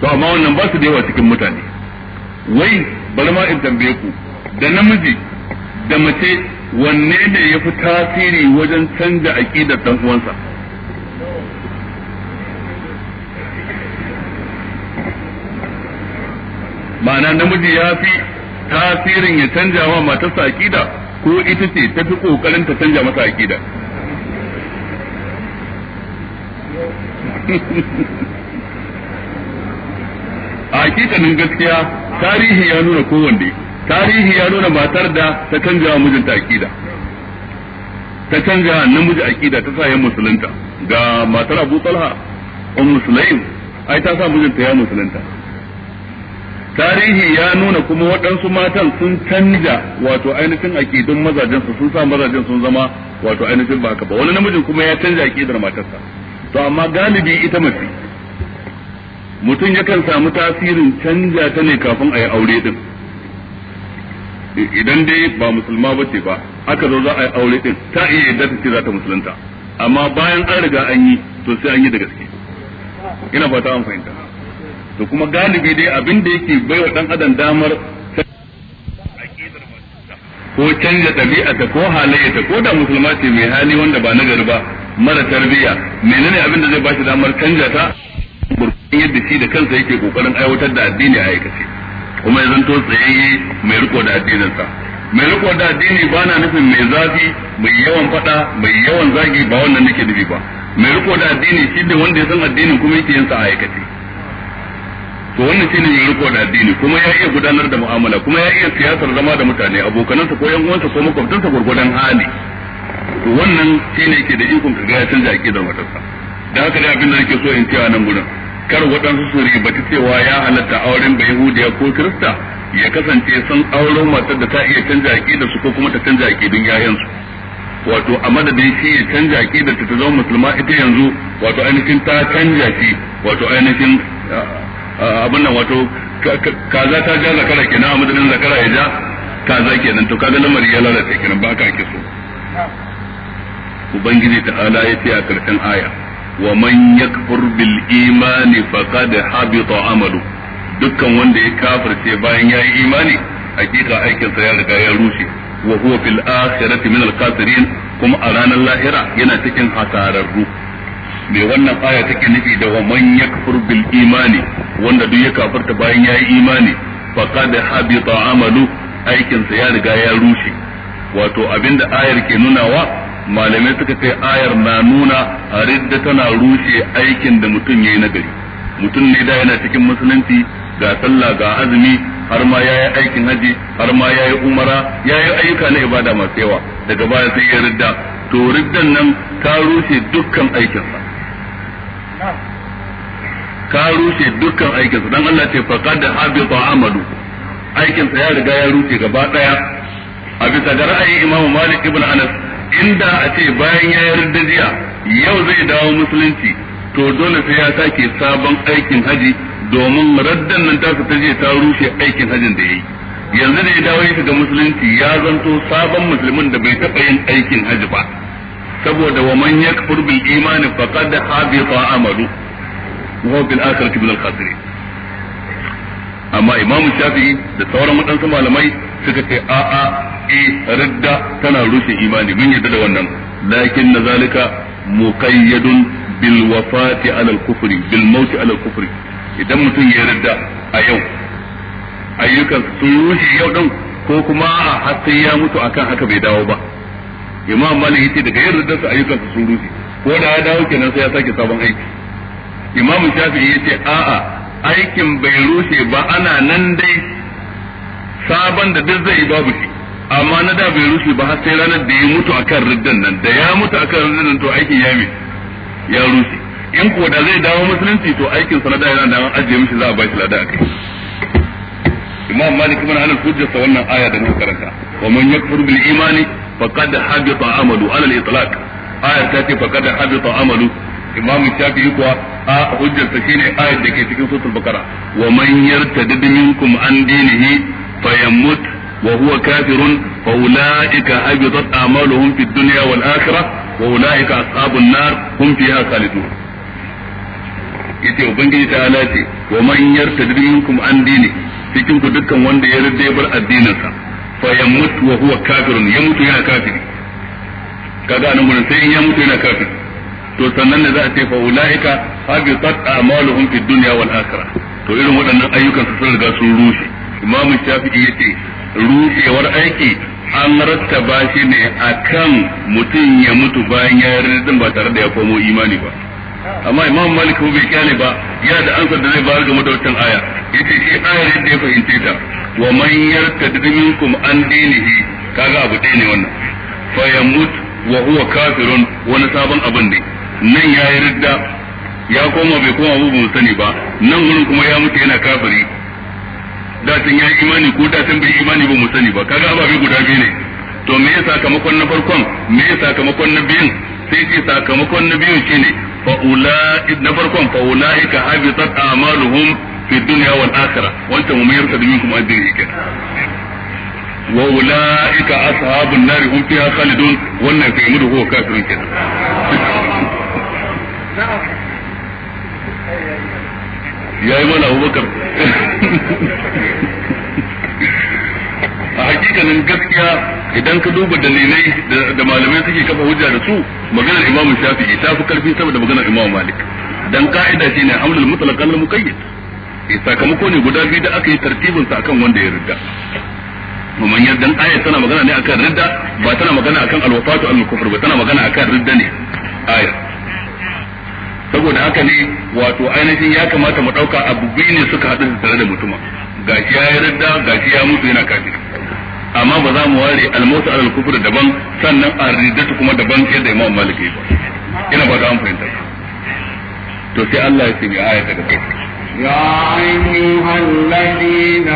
to amma wannan ba su da yawa cikin mutane wai bari ma in tambaye ku da namiji da mace wanne ne ya fi tasiri wajen canza aƙidar dan uwansa ma'ana namiji ya fi tasirin ya canza wa matarsa aƙida ko ita ce ta fi ƙoƙarin ta canza masa aƙida a hakikanin gaskiya tarihi ya nuna kowanne tarihi ya nuna matar da ta canja wa mijinta akida ta canja namiji akida ta sa ya musulunta ga matar Abu Talha um Sulaim ai ta sa mijinta ya musulunta tarihi ya nuna kuma waɗansu matan sun canja wato ainihin akidun mazajen su sun sa mazajen sun zama wato ainihin ba haka ba wani namijin kuma ya canja akidar matarsa to amma galibi ita mace mutum yakan samu tasirin canja ta ne kafin a yi aure din idan dai ba musulma ba ce ba aka zo za a yi aure din ta iya yadda ta ce za ta musulunta amma bayan an riga an yi to sai an yi da gaske ina fata an fahimta to kuma galibi dai abin da yake wa dan adam damar ko canza ɗabi'ata ko halayyata ko da musulma ce mai hali wanda ba na gari ba mara tarbiyya menene abin da zai ba shi damar canja ta yadda shi da kansa yake kokarin aiwatar da addini a aikace kuma ya zanto tsayayye mai riko da addininsa mai riko da addini ba na nufin mai zafi mai yawan fada mai yawan zagi ba wannan nake nufi ba mai riko da addini shi da wanda ya san addinin kuma yake yin sa a aikace to wannan shine mai riko da addini kuma ya iya gudanar da mu'amala kuma ya iya siyasar zama da mutane abokanansa ko yan uwansa ko makwabtansa gurgurdan hali to wannan shine yake da ikon kaga ya canza aqidar matarsa da haka dai abin da nake so in ce a nan gudan kar waɗansu su ribata cewa ya halatta auren bai ko kirista ya kasance sun auren matar da ta iya canja aƙidar su ko kuma ta canza aƙidin yayansu wato a madadin shi ya canja aƙidar ta ta zama musulma ita yanzu wato ainihin ta canja shi wato ainihin abin nan wato kaza ta ja zakara kenan a madadin zakara ya ja kaza kenan to kaga lamari ya lalace kenan ba ka ake so ubangiji ta'ala ya ce a ƙarshen aya ومن يكفر بالإيمان فقد حبط عمله dukkan wanda ya kafirce bayan ya yi imani hakika aikinsa ya riga ya rushe wa huwa fil akhirati kuma a ranar lahira yana cikin hasararru me wannan aya take nufi da wa man imani wanda duk ya kafirta bayan ya yi imani faqad habita amalu aikinsa ya riga ya rushe wato abinda ayar ke nunawa malamai suka ce ayar na nuna ridda tana rushe aikin da mutum ya na gari mutum ne da yana cikin musulunci ga sallah ga azumi har ma ya yi aikin haji har ma ya yi umara ya yi ayyuka na ibada masu yawa daga baya sai ya ridda to riddan nan ta rushe dukkan aikinsa ka rushe dukkan aikinsa dan Allah ce faqad habita amalu aikinsa ya riga ya rushe gaba daya a bisa ga ra'ayin Imam Malik ibn Anas inda a ce bayan ya yarda jiya yau zai dawo musulunci to dole sai ya sake sabon aikin haji domin raddan nan ta ta je ta rushe aikin hajin da ya yi. yanzu da ya dawo ya shiga musulunci ya zanto sabon musulmin da bai taɓa yin aikin haji ba saboda wa man yakfur bil imani faqad habita amalu wa bil akhirati min al khasirin amma imamu shafi'i da sauran waɗansu malamai suka ce a'a E, ridda tana rushe imani mun yadda da wannan lakin na zalika muqayyadun bil wafati ala al kufri bil maut ala al kufri idan mutum ya ridda a yau ayyukan sun rushe yau din ko kuma a har sai ya mutu akan haka bai dawo ba imam malik yace daga yin riddar sa ayyukan su sun rushe ko da ya dawo kenan sai ya sake sabon aiki imam shafi'i yace a'a aikin bai rushe ba ana nan dai sabon da duk zai babu shi amma na da bai rushe ba har sai ranar da ya mutu akan riddan nan da ya mutu akan riddan nan to aikin ya me ya rushe in ko da zai dawo musulunci to aikin sa na da yana da ajiye mishi za a bashi lada akai imam malik ibn anas hujjarsa wannan aya da muka karanta wa man yakfur bil imani faqad habita amalu ala al itlaq aya ta ce faqad habita amalu imam shafi'i kuwa a hujjarsa shine ayar da ke cikin suratul bakara wa man yartadid minkum an dinihi fayamut وهو كافر فأولئك هبطت أعمالهم في الدنيا والآخرة وأولئك أصحاب النار هم فيها خالدون yace ubangiji ta ومن يرتد منكم عن minkum an dini cikin ku dukkan wanda ya rade bar addinin sa fa yamut wa huwa kafirun ya mutu yana kafiri to sannan ne za a ce fa ulaika habitat a'maluhum fi dunya wal akhirah to irin waɗannan ayyukan su sun riga sun rushe imamu shafi'i yace rushewar aiki an rattaba shi ne akan mutum ya mutu bayan ya yi ba tare da ya komo imani ba amma imam malik ko bai kyale ba ya da ansar da zai bayar ga da wancan aya yace shi ayar yadda ya fahimce ta wa man yartad minkum an dinihi kaga abu dai ne wannan fa yamut wa huwa kafirun wani sabon abin ne nan ya yi ridda ya koma bai koma abu mu sani ba nan wurin kuma ya mutu yana kafiri da ya yi imani ko da tun bai imani ba mu sani ba kaga ababe guda biyu ne to me ya sakamakon na farkon me ya sakamakon na biyun sai ce sakamakon na biyun shine fa ulai na farkon fa ulaika habitat a'maluhum fi dunya wal akhirah wancan mu yarsa da minkum addini kenan wa ulaika ashabun nar hum fiha khalidun wannan kai mu da ko kafirin kenan ya yi mana abubakar a hakikanin gaskiya idan ka duba dalilai da malamai suke kafa hujja da su maganar imamu shafi'i ta fi karfi saboda maganar imamu malik dan ka'ida shine hamlul mutlaq al muqayyad eh, sakamako ne guda biyu da aka yi tartibin sa akan wanda ya ridda mun dan ayat tana magana ne akan ridda ba tana magana akan alwafatu al kufr ba tana magana akan ridda ne ayat saboda haka ne wato ainihin ya kamata mu dauka abu biyu ne suka haɗu da tare da mutuma gashi ya yi radda gashi ya mutu yana kafi amma ba za mu ware almautu alal kufur daban sannan arridatu kuma daban yadda imam malik ya ina ba da an fahimta to sai Allah ya ce mai ayata da kai يا أيها الذين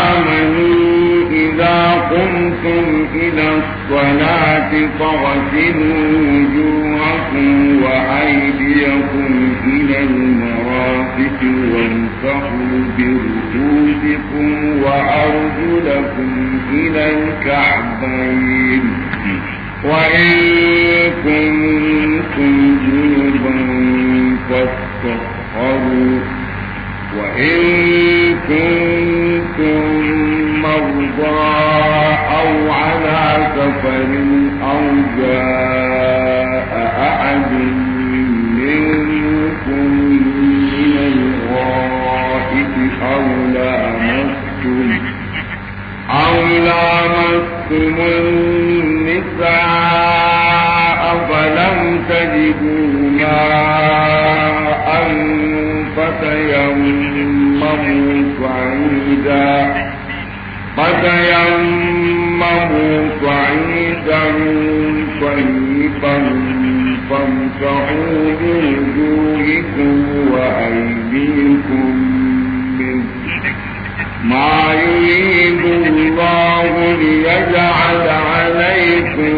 آمنوا إذا قمتم إلى الصلاة فاغسلوا وجوهكم وأيديكم إلى المرافق وانفحوا برؤوسكم وأرجلكم إلى الكعبين وإن كنتم جنبا فاستطهروا وإن كنتم مرضى أو على سفر أو جاء أحد منكم من الغائب أو لامستم أو لامستم النساء فلم تجدوا ماء فتيمموا صعيدا فتيمموا صعيدا طيبا فامسحوا بوجوهكم وأيديكم منه ما يريد الله ليجعل عليكم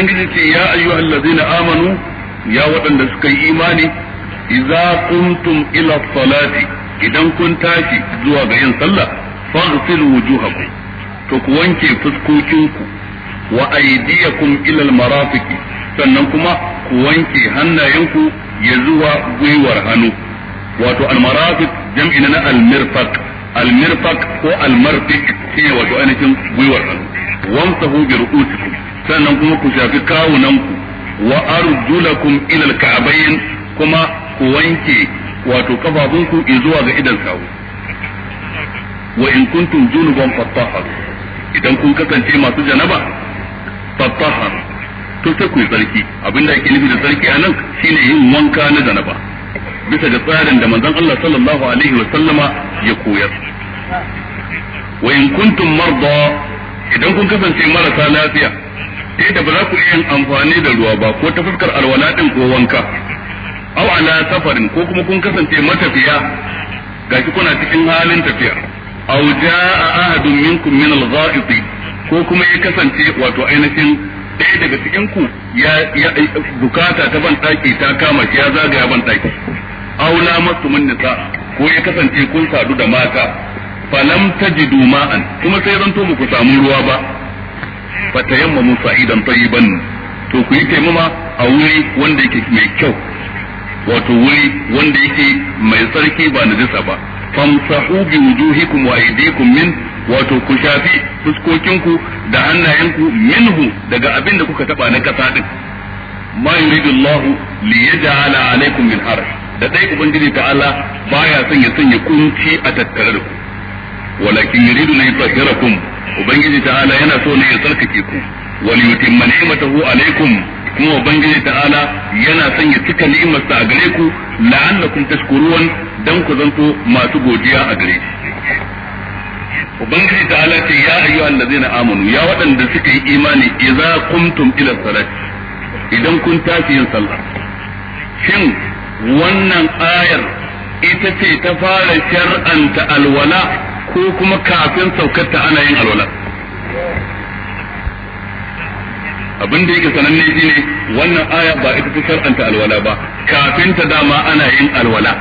ubangiji ce ya zai na amanu ya waɗanda suka yi imani idza kuntum ila salati idan kun tashi zuwa ga yin sallah faghsilu wujuhakum to ku wanke fuskokinku wa aydiyakum ila almarafiqi sannan kuma ku wanke hannayenku ya zuwa gwiwar hannu wato almarafiq jam'i na almirfaq almirfaq ko almarfiq shine wato ainihin gwiwar hannu wamsahu bi ru'usikum sannan kuma ku shafi kawunanku wa arjulakum ila alka'bayn kuma ku wanke wato kafafunku zuwa ga idan sawu wa in kuntum junuban fattaharu idan kun kasance masu janaba fattaharu to sai ku yi sarki abinda ake nufi da sarki a nan shine yin wanka na janaba bisa ga tsarin da manzon Allah sallallahu alaihi wa sallama ya koyar wa in kuntum marda idan kun kasance marasa lafiya sai da ba za ku iya amfani da ruwa ba ko ta fuskar alwala din ko wanka aw ala safarin ko kuma kun kasance matafiya gashi kuna cikin halin tafiya aw jaa ahadun minkum min al ghaibi ko kuma ya kasance wato ainihin ɗaya daga cikin ku ya bukata ta ban ta kama shi ya zagaya ban daki aw lamastumun nisa ko ya kasance kun sadu da mata falam tajidu ma'an kuma sai ranto ku samu ruwa ba fatayamma tayammamu sa'idan tayyiban to ku yi taimama a wuri wanda yake mai kyau wato wuri wanda yake mai tsarki ba disa ba famsahu bi wujuhikum wa aydikum min wato ku shafi fuskokinku da hannayenku minhu daga abin da kuka taba na kasa din ma yuridu Allah li yaj'ala alaykum min haraj da dai ubangiji ta'ala baya son ya sanya kunci a tattare da ku walakin yuridu la yutahhirakum ubangiji ta'ala yana so ne ya tsarkake ku wal yutimma ni'matahu alaikum kuma ubangiji ta'ala yana son ya cika ni'imarsa a gare ku la'allakum tashkurun dan ku zanto masu godiya a gare ubangiji ta'ala ce ya ayyu ladzina amanu ya waɗanda suka yi imani idza qumtum ila salati idan kun tashi yin sallah shin wannan ayar ita ce ta fara shar'anta alwala ko kuma kafin saukarta ana yin alwala abin da yake sananne ne, wannan aya ba ita ta shar'anta alwala ba kafin ta dama ana yin alwala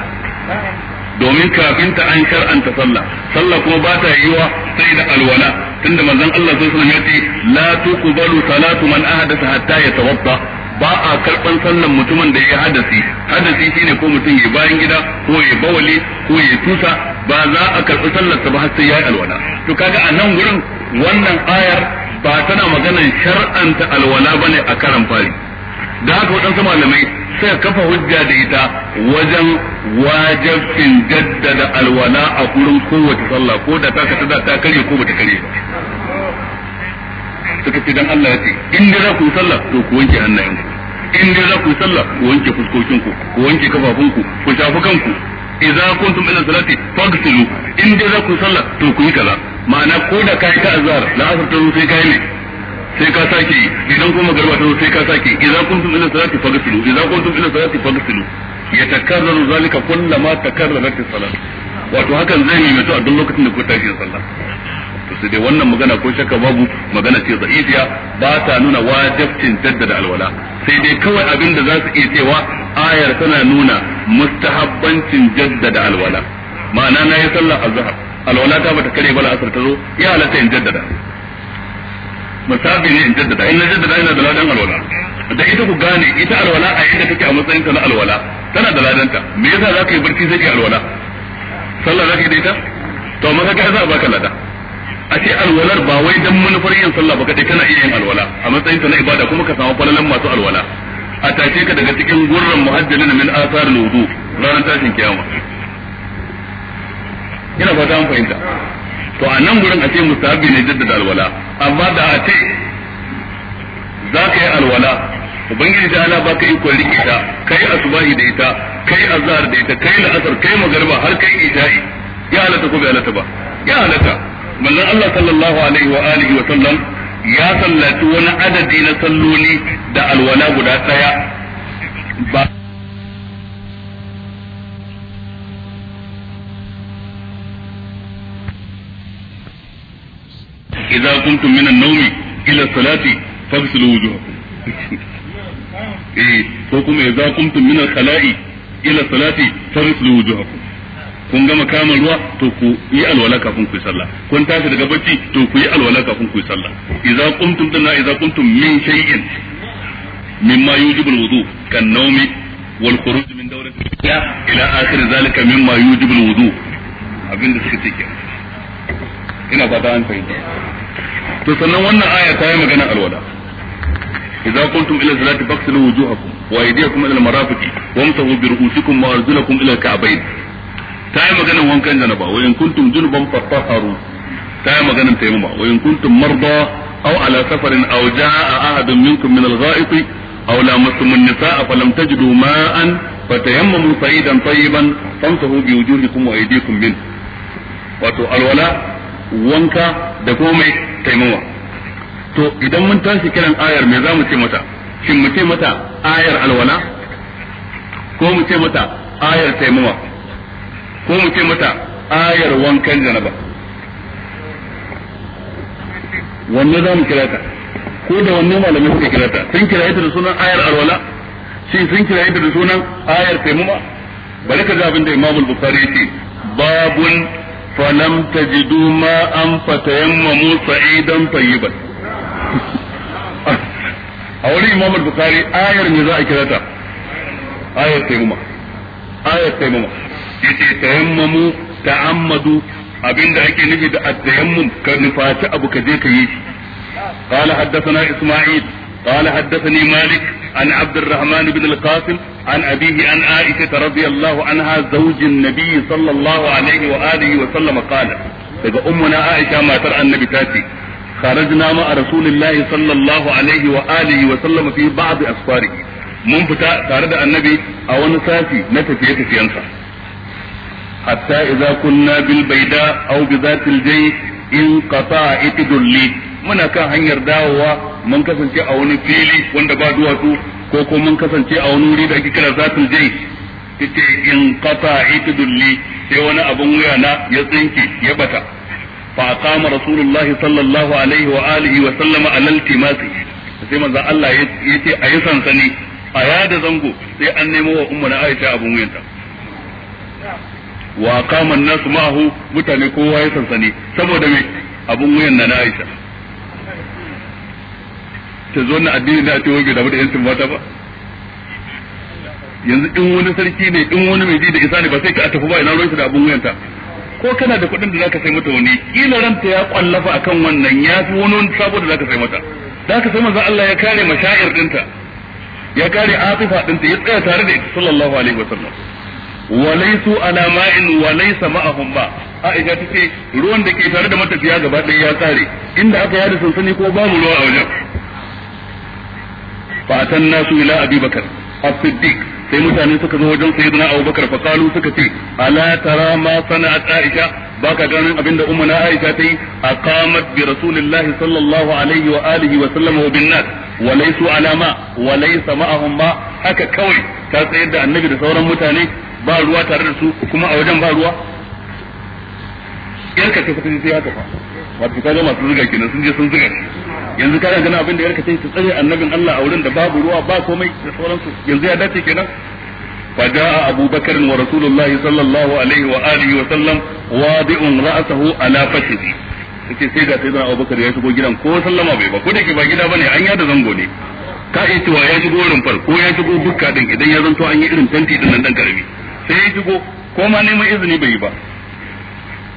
domin kafin ta an shar'anta sallah sallah kuma ba ta yiwa sai da alwala tunda manzon Allah sallallahu alaihi wasallam la tuqbalu salatu man ahdatha hatta yatawadda ba a karban sallan mutumin da ya hadasi hadasi shine ko mutum ya bayan gida ko ya bawali ko ya tusa ba za a karɓi sallarsa ba har sai ya yi alwala to kaga a nan gurin wannan ayar ba tana maganar shar'anta alwala bane a karan fari da haka waɗansu malamai sai kafa hujja da ita wajen wajabcin jaddada alwala a gurin kowace sallah ko da ta tada ta kare ko bata kare ba suka ce dan Allah ya ce in dai za ku sallah to ku wanke hannayenku in dai za ku sallah ku wanke fuskokinku ku wanke kafafunku ku shafi kanku idza kuntum ila salati fagsilu in da za ku sallah to ku yi kaza ma'ana ko da kai ta azhar la asr ta sai kai ne sai ka sake idan kuma garba to sai ka sake idza kuntum ila salati fagsilu idza kuntum ila salati fagsilu yatakarraru zalika kullama takarrarat salat wato hakan zai mai mutu a duk lokacin da ku tashi sallah to sai dai wannan magana ko shakka babu magana ce da'ifiya ba ta nuna wajibcin jaddada alwala sai dai kawai abin da za su iya cewa ayar tana nuna mustahabbancin jaddada alwala ma'ana na yi sallah azhar alwala ta bata kare ba la'asar ta zo ya halatta in jaddada musabi ne in jaddada in na jaddada ina da ladan alwala da ita ku gane ita alwala a yadda take a matsayin ta na alwala tana da ladanta me yasa za ka yi barci sai ka alwala sallah za ka yi da ita to amma ka ga za a baka lada a ce alwalar ba wai dan manufar yin sallah ba kadai kana iya yin alwala a matsayin ta na ibada kuma ka samu falalan masu alwala a tace ka daga cikin gurran muhajjalin min asar wudu ranar tashin kiyama ina fata an fahimta to a nan gurin a ce mustahabi ne jaddada alwala amma da a ce za ka yi alwala ubangiji ta ala baka iko rike ta kai asubahi da ita kai azhar da ita kai la'asar kai magariba har kai isha'i ya halatta ko bai halatta ba ya halatta manzon Allah sallallahu alaihi wa alihi wa sallam ya sallaci wani adadi na salloli da alwala guda daya ba إذا قمتم من النوم إلى الصلاة فاغسلوا وجوهكم. إيه وكم إذا قمتم من الخلاء إلى الصلاة فاغسلوا وجوهكم. kun gama kama ruwa to ku yi alwala kafin ku sallah kun tashi daga bacci to ku yi alwala kafin ku yi sallah idza qumtum dinna idza qumtum min shay'in mimma yujibu alwudu kan nawmi wal khuruj min dawrati ila akhir zalika mimma yujibu alwudu abinda suka ce kenan ina fata an fahimta to sannan wannan aya ta yi magana alwala إذا قلتم إلى الصلاة فاغسلوا وجوهكم وأيديكم إلى المرافق وامسحوا برؤوسكم وأرجلكم إلى الكعبين ta yi maganin wankan janaba wa in kuntum junuban fatahharu ta yi maganin taimama wa in kuntum marda aw ala safarin aw jaa ahadun minkum min al-gha'ib aw lamastum an-nisaa falam tajidu ma'an fatayammamu sa'idan tayyiban famsahu bi wujuhikum wa aydikum min wato alwala wanka da komai taimama to idan mun tashi kiran ayar me zamu ce mata shin mu ce mata ayar alwala ko mu ce mata ayar taimama ko mu ce mata ayar wankan janaba wanne za mu kira ta ko da wanne malamai suka kira ta sun kira ita da sunan ayar alwala shi sun kira ita da sunan ayar taimuma bari ka ji abin da imamul bukhari yake babun falam tajidu ma an fatayammamu sa'idan tayyiban a wani imamul bukhari ayar ne za a kira ta ayar taimuma ayar taimuma yace tayammamu ta'ammadu abinda ake nufi da at-tayammum ka nufaci abu ka je ka yi shi قال حدثنا اسماعيل قال حدثني مالك عن عبد الرحمن بن القاسم عن أبيه عن عائشة رضي الله عنها زوج النبي صلى الله عليه وآله وسلم قال daga ummuna Aisha matar annabi ta ce kharajna ma rasulillahi sallallahu alaihi wa alihi wa sallam fi ba'd asfari mun fita tare da annabi a wani sashi na tafiye tafiyansa hatta idza kunna bil baida aw bi zatil jay in qata iqdul li muna kan hanyar dawowa mun kasance a wani fili wanda ba duwatsu ko mun kasance a wani wuri da ake kira zatul jay yace in qata iqdul li sai wani abun wuya na ya tsinke ya bata fa kama rasulullahi sallallahu alaihi wa alihi wa sai manzo Allah a yi sansani a yada zango sai an nemo wa ummu na Aisha abun wuyanta wa qama nasu ma'ahu mutane kowa ya sansani saboda mai abun wuyan na Aisha ta zo na addini da ta wobe da mu da yancin mata ba yanzu in wani sarki ne in wani mai ji da isa ne ba sai ka tafi ba ina ruwansa da abun ta. ko kana da kuɗin da zaka sai mata wani kila ranta ya kwallafa akan wannan ya fi wani wani sabo da zaka sai mata zaka sai manzo Allah ya kare mashair dinta ya kare afifa dinta ya tsaya tare da ita sallallahu alaihi wasallam walaitu ala ma'in wa laysa ma'ahum ba Aisha take ruwan da ke tare da matafiya gaba ɗaya ya tsare inda aka yada sansani ko ba mu ruwa a wajen fa atanna ila abi bakar as-siddiq sai mutane suka zo wajen sayyidina abubakar fa kalu suka ce ala tara ma sana'at aisha baka ganin abinda ummuna aisha tayi yi aqamat bi rasulillahi sallallahu alaihi wa alihi wa sallam wa bin nas wa laysu ala ma wa laysa ma'ahum haka kawai ta tsayar da annabi da sauran mutane ba ruwa tare da su kuma a wajen ba ruwa yarka ce fata sai haka fa wato kaga masu ke nan sun je sun zuga yanzu kada kana ganin abin da yarka ce ta tsare annabin Allah a wurin da babu ruwa ba komai da sauransu yanzu ya dace ke nan. kenan فجاء أبو بكر ورسول الله صلى الله عليه wa sallam واضع رأسه على فخذه yace sai da sai zan abubakar ya shigo gidan ko sallama bai ba ko da ke ba gida bane an yada zango ne ka iya cewa ya shigo rumfar ko ya shigo bukka din idan ya zanto an yi irin tanti din nan dan karami sai ya shigo ko ma neman izini bai yi ba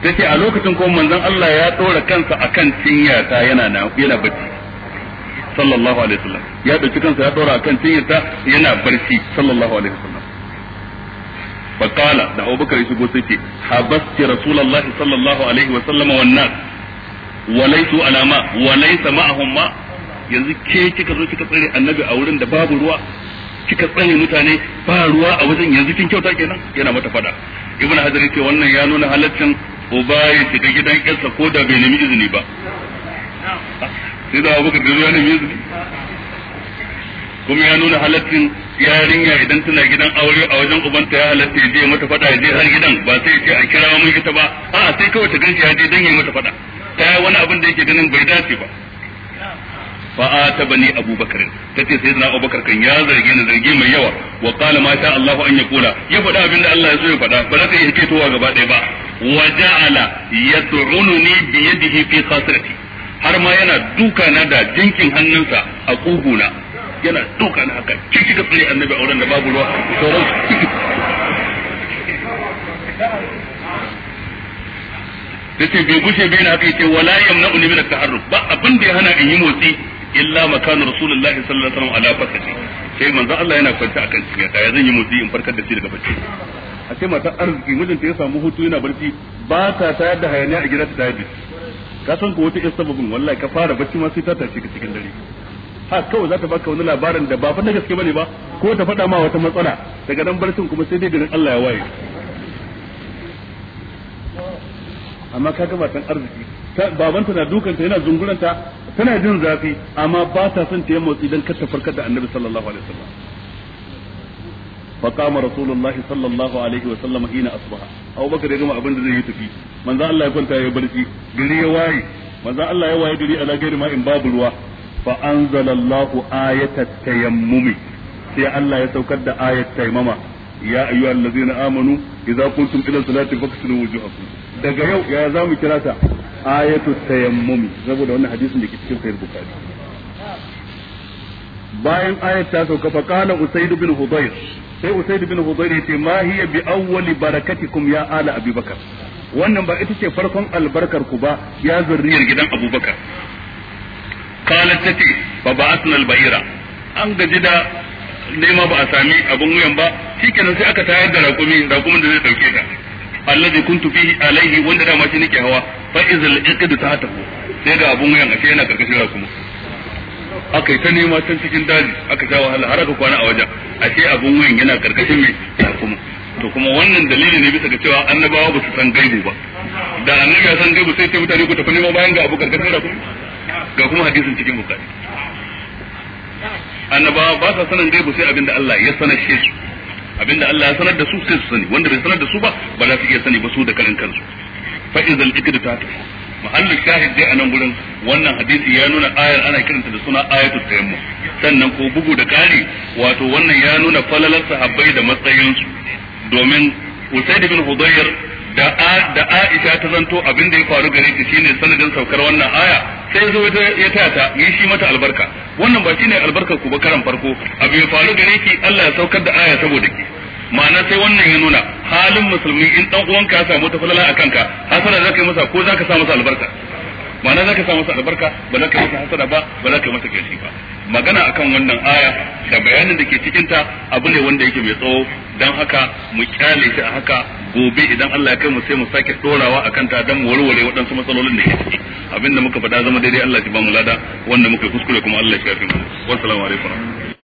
ta ce a lokacin ko manzon Allah ya ɗora kansa a kan cinyata yana yana barci. sallallahu alaihi wasallam ya ɗauki kansa ya ɗora akan cinyata yana barci sallallahu alaihi wasallam فقال da Abubakar ya shigo sai ce habasti rasulullahi sallallahu alaihi wa sallama wan nas wa alama wa laysa ma'ahum ma yanzu ke kika zo kika tsare annabi a wurin da babu ruwa kika tsare mutane ba ruwa a wajen yanzu kin kyauta kenan yana mata fada ibn hajar ce wannan ya nuna halaccin uba ya shiga gidan yarsa ko da bai nemi izini ba sai da abubakar da ya nemi izini kuma ya nuna halaccin yarinya idan tana gidan aure a wajen ubanta ya halatta je mata fada ya je har gidan ba sai ce a kira mun ita ba a'a sai kawai ta ganshi ya je dan yi mata fada ta wani abin da yake ganin bai dace ba fa atabani abubakar tace sayyidina abubakar kan ya zarge ni zarge mai yawa wa qala ma sha Allah an yaqula ya faɗa abinda Allah ya so ya faɗa ba za ta yi fitowa gaba ɗaya ba wa ja'ala yad'ununi bi yadihi fi khasrati har ma yana duka na da jinkin hannunsa a kuguna yana duka na haka kiki ka tsare annabi auren da babu ruwa sauran yace bai gushe bai na haka yace wala yamna'u min at-taharruk ba abin da ya hana in yi motsi illa makanu rasulullahi sallallahu alaihi wasallam ala fakati sai manzo Allah yana kwance akan cinya ya zan yi motsi in farkar da shi daga bacci a ce matar arziki mijinta ya samu hutu yana barci ba ta tayar da hayaniya a gida ta tayar da ka san ko wata ƴar sababin wallahi ka fara bacci ma sai ta tashi ka cikin dare ha kawai za ta baka wani labarin da ba fa na gaske bane ba ko ta faɗa ma wata matsala daga nan barcin kuma sai dai garin Allah ya waye amma ka ga matan arziki babanta na dukanta yana zunguranta tana jin zafi amma ba ta son ta yi motsi don kar ta a da annabi sallallahu alaihi wasallam فقام رسول الله صلى الله عليه وسلم حين اصبح ابو بكر يجمع ابن da zai yi tafi manzo Allah ya kwanta ya barci gari ya waye manzo Allah ya waye gari ala gairi ma in babu ruwa fa anzalallahu ayatat tayammum sai Allah ya saukar da ayat taimama. ya ayyuhal ladzina amanu idza qumtum ila salati faghsilu wujuhakum daga yau ya zamu kira ta ayatu tayammum saboda wannan hadisin da ke cikin sahih bukhari bayan ayat ta sauka fa qala usayd bin hudayr sai usayd bin hudayr yace ma hiya bi barakati barakatikum ya ala abubakar wannan ba ita ce farkon albarkar ku ba ya zurriyar gidan abubakar qalat tati fa ba'athna al-ba'ira an gaji da nema ba a sami abin wuyan ba shikenan sai aka tayar da raƙumi raƙumin da zai dauke ta allazi kuntu fihi alaihi wanda da mace nake hawa fa izal ta ta sai ga abun wayan ashe yana karkashin raƙumi aka yi ta nema can cikin daji aka sha wahala har aka kwana a wajen ashe abun wayan yana karkashin mai raƙumi to kuma wannan dalili ne bisa ga cewa annabawa ba su san gaibu ba da annabi ya san gaibu sai ta mutane ku tafi neman bayan ga abu karkashin raƙumi ga kuma hadisin cikin bukari annabawa ba sa sanin gaibu sai abinda Allah ya sanar shi abinda Allah ya sanar da su sai su sani wanda bai sanar da su ba ba za su iya sani ba su da karin kansu fa ta iktitatu mahallu shahid dai a nan gurin wannan hadisi ya nuna ayar ana kiranta da suna ayatul tayammum sannan ko bugu da kari wato wannan ya nuna falalar sahabbai da su domin Usaid bin Hudayr da Aisha ta zanto abin da ya faru gare ta shine sanadin saukar wannan aya sai zo ya taya ta yi shi mata albarka wannan ba shine albarkar ku ba karan farko abu ya faru gare ki Allah ya saukar da aya saboda ki ma'ana sai wannan ya nuna halin musulmi in dan uwanka ya samu tafalala a ka hasara zaka yi masa ko zaka sa masa albarka ma'ana zaka sa masa albarka ba zaka yi masa hasara ba ba zaka yi masa kishi ba magana akan wannan aya da bayanin da ke cikin ta abu ne wanda yake mai tsawo dan haka mu kyale shi a haka gobe idan Allah ya kai mu sai mu sake dorawa akan ta mu warware waɗansu matsalolin da ke ciki abinda muka faɗa zama daidai Allah ya ba mu lada wanda muka kuskure kuma Allah ya fi mu wassalamu alaikum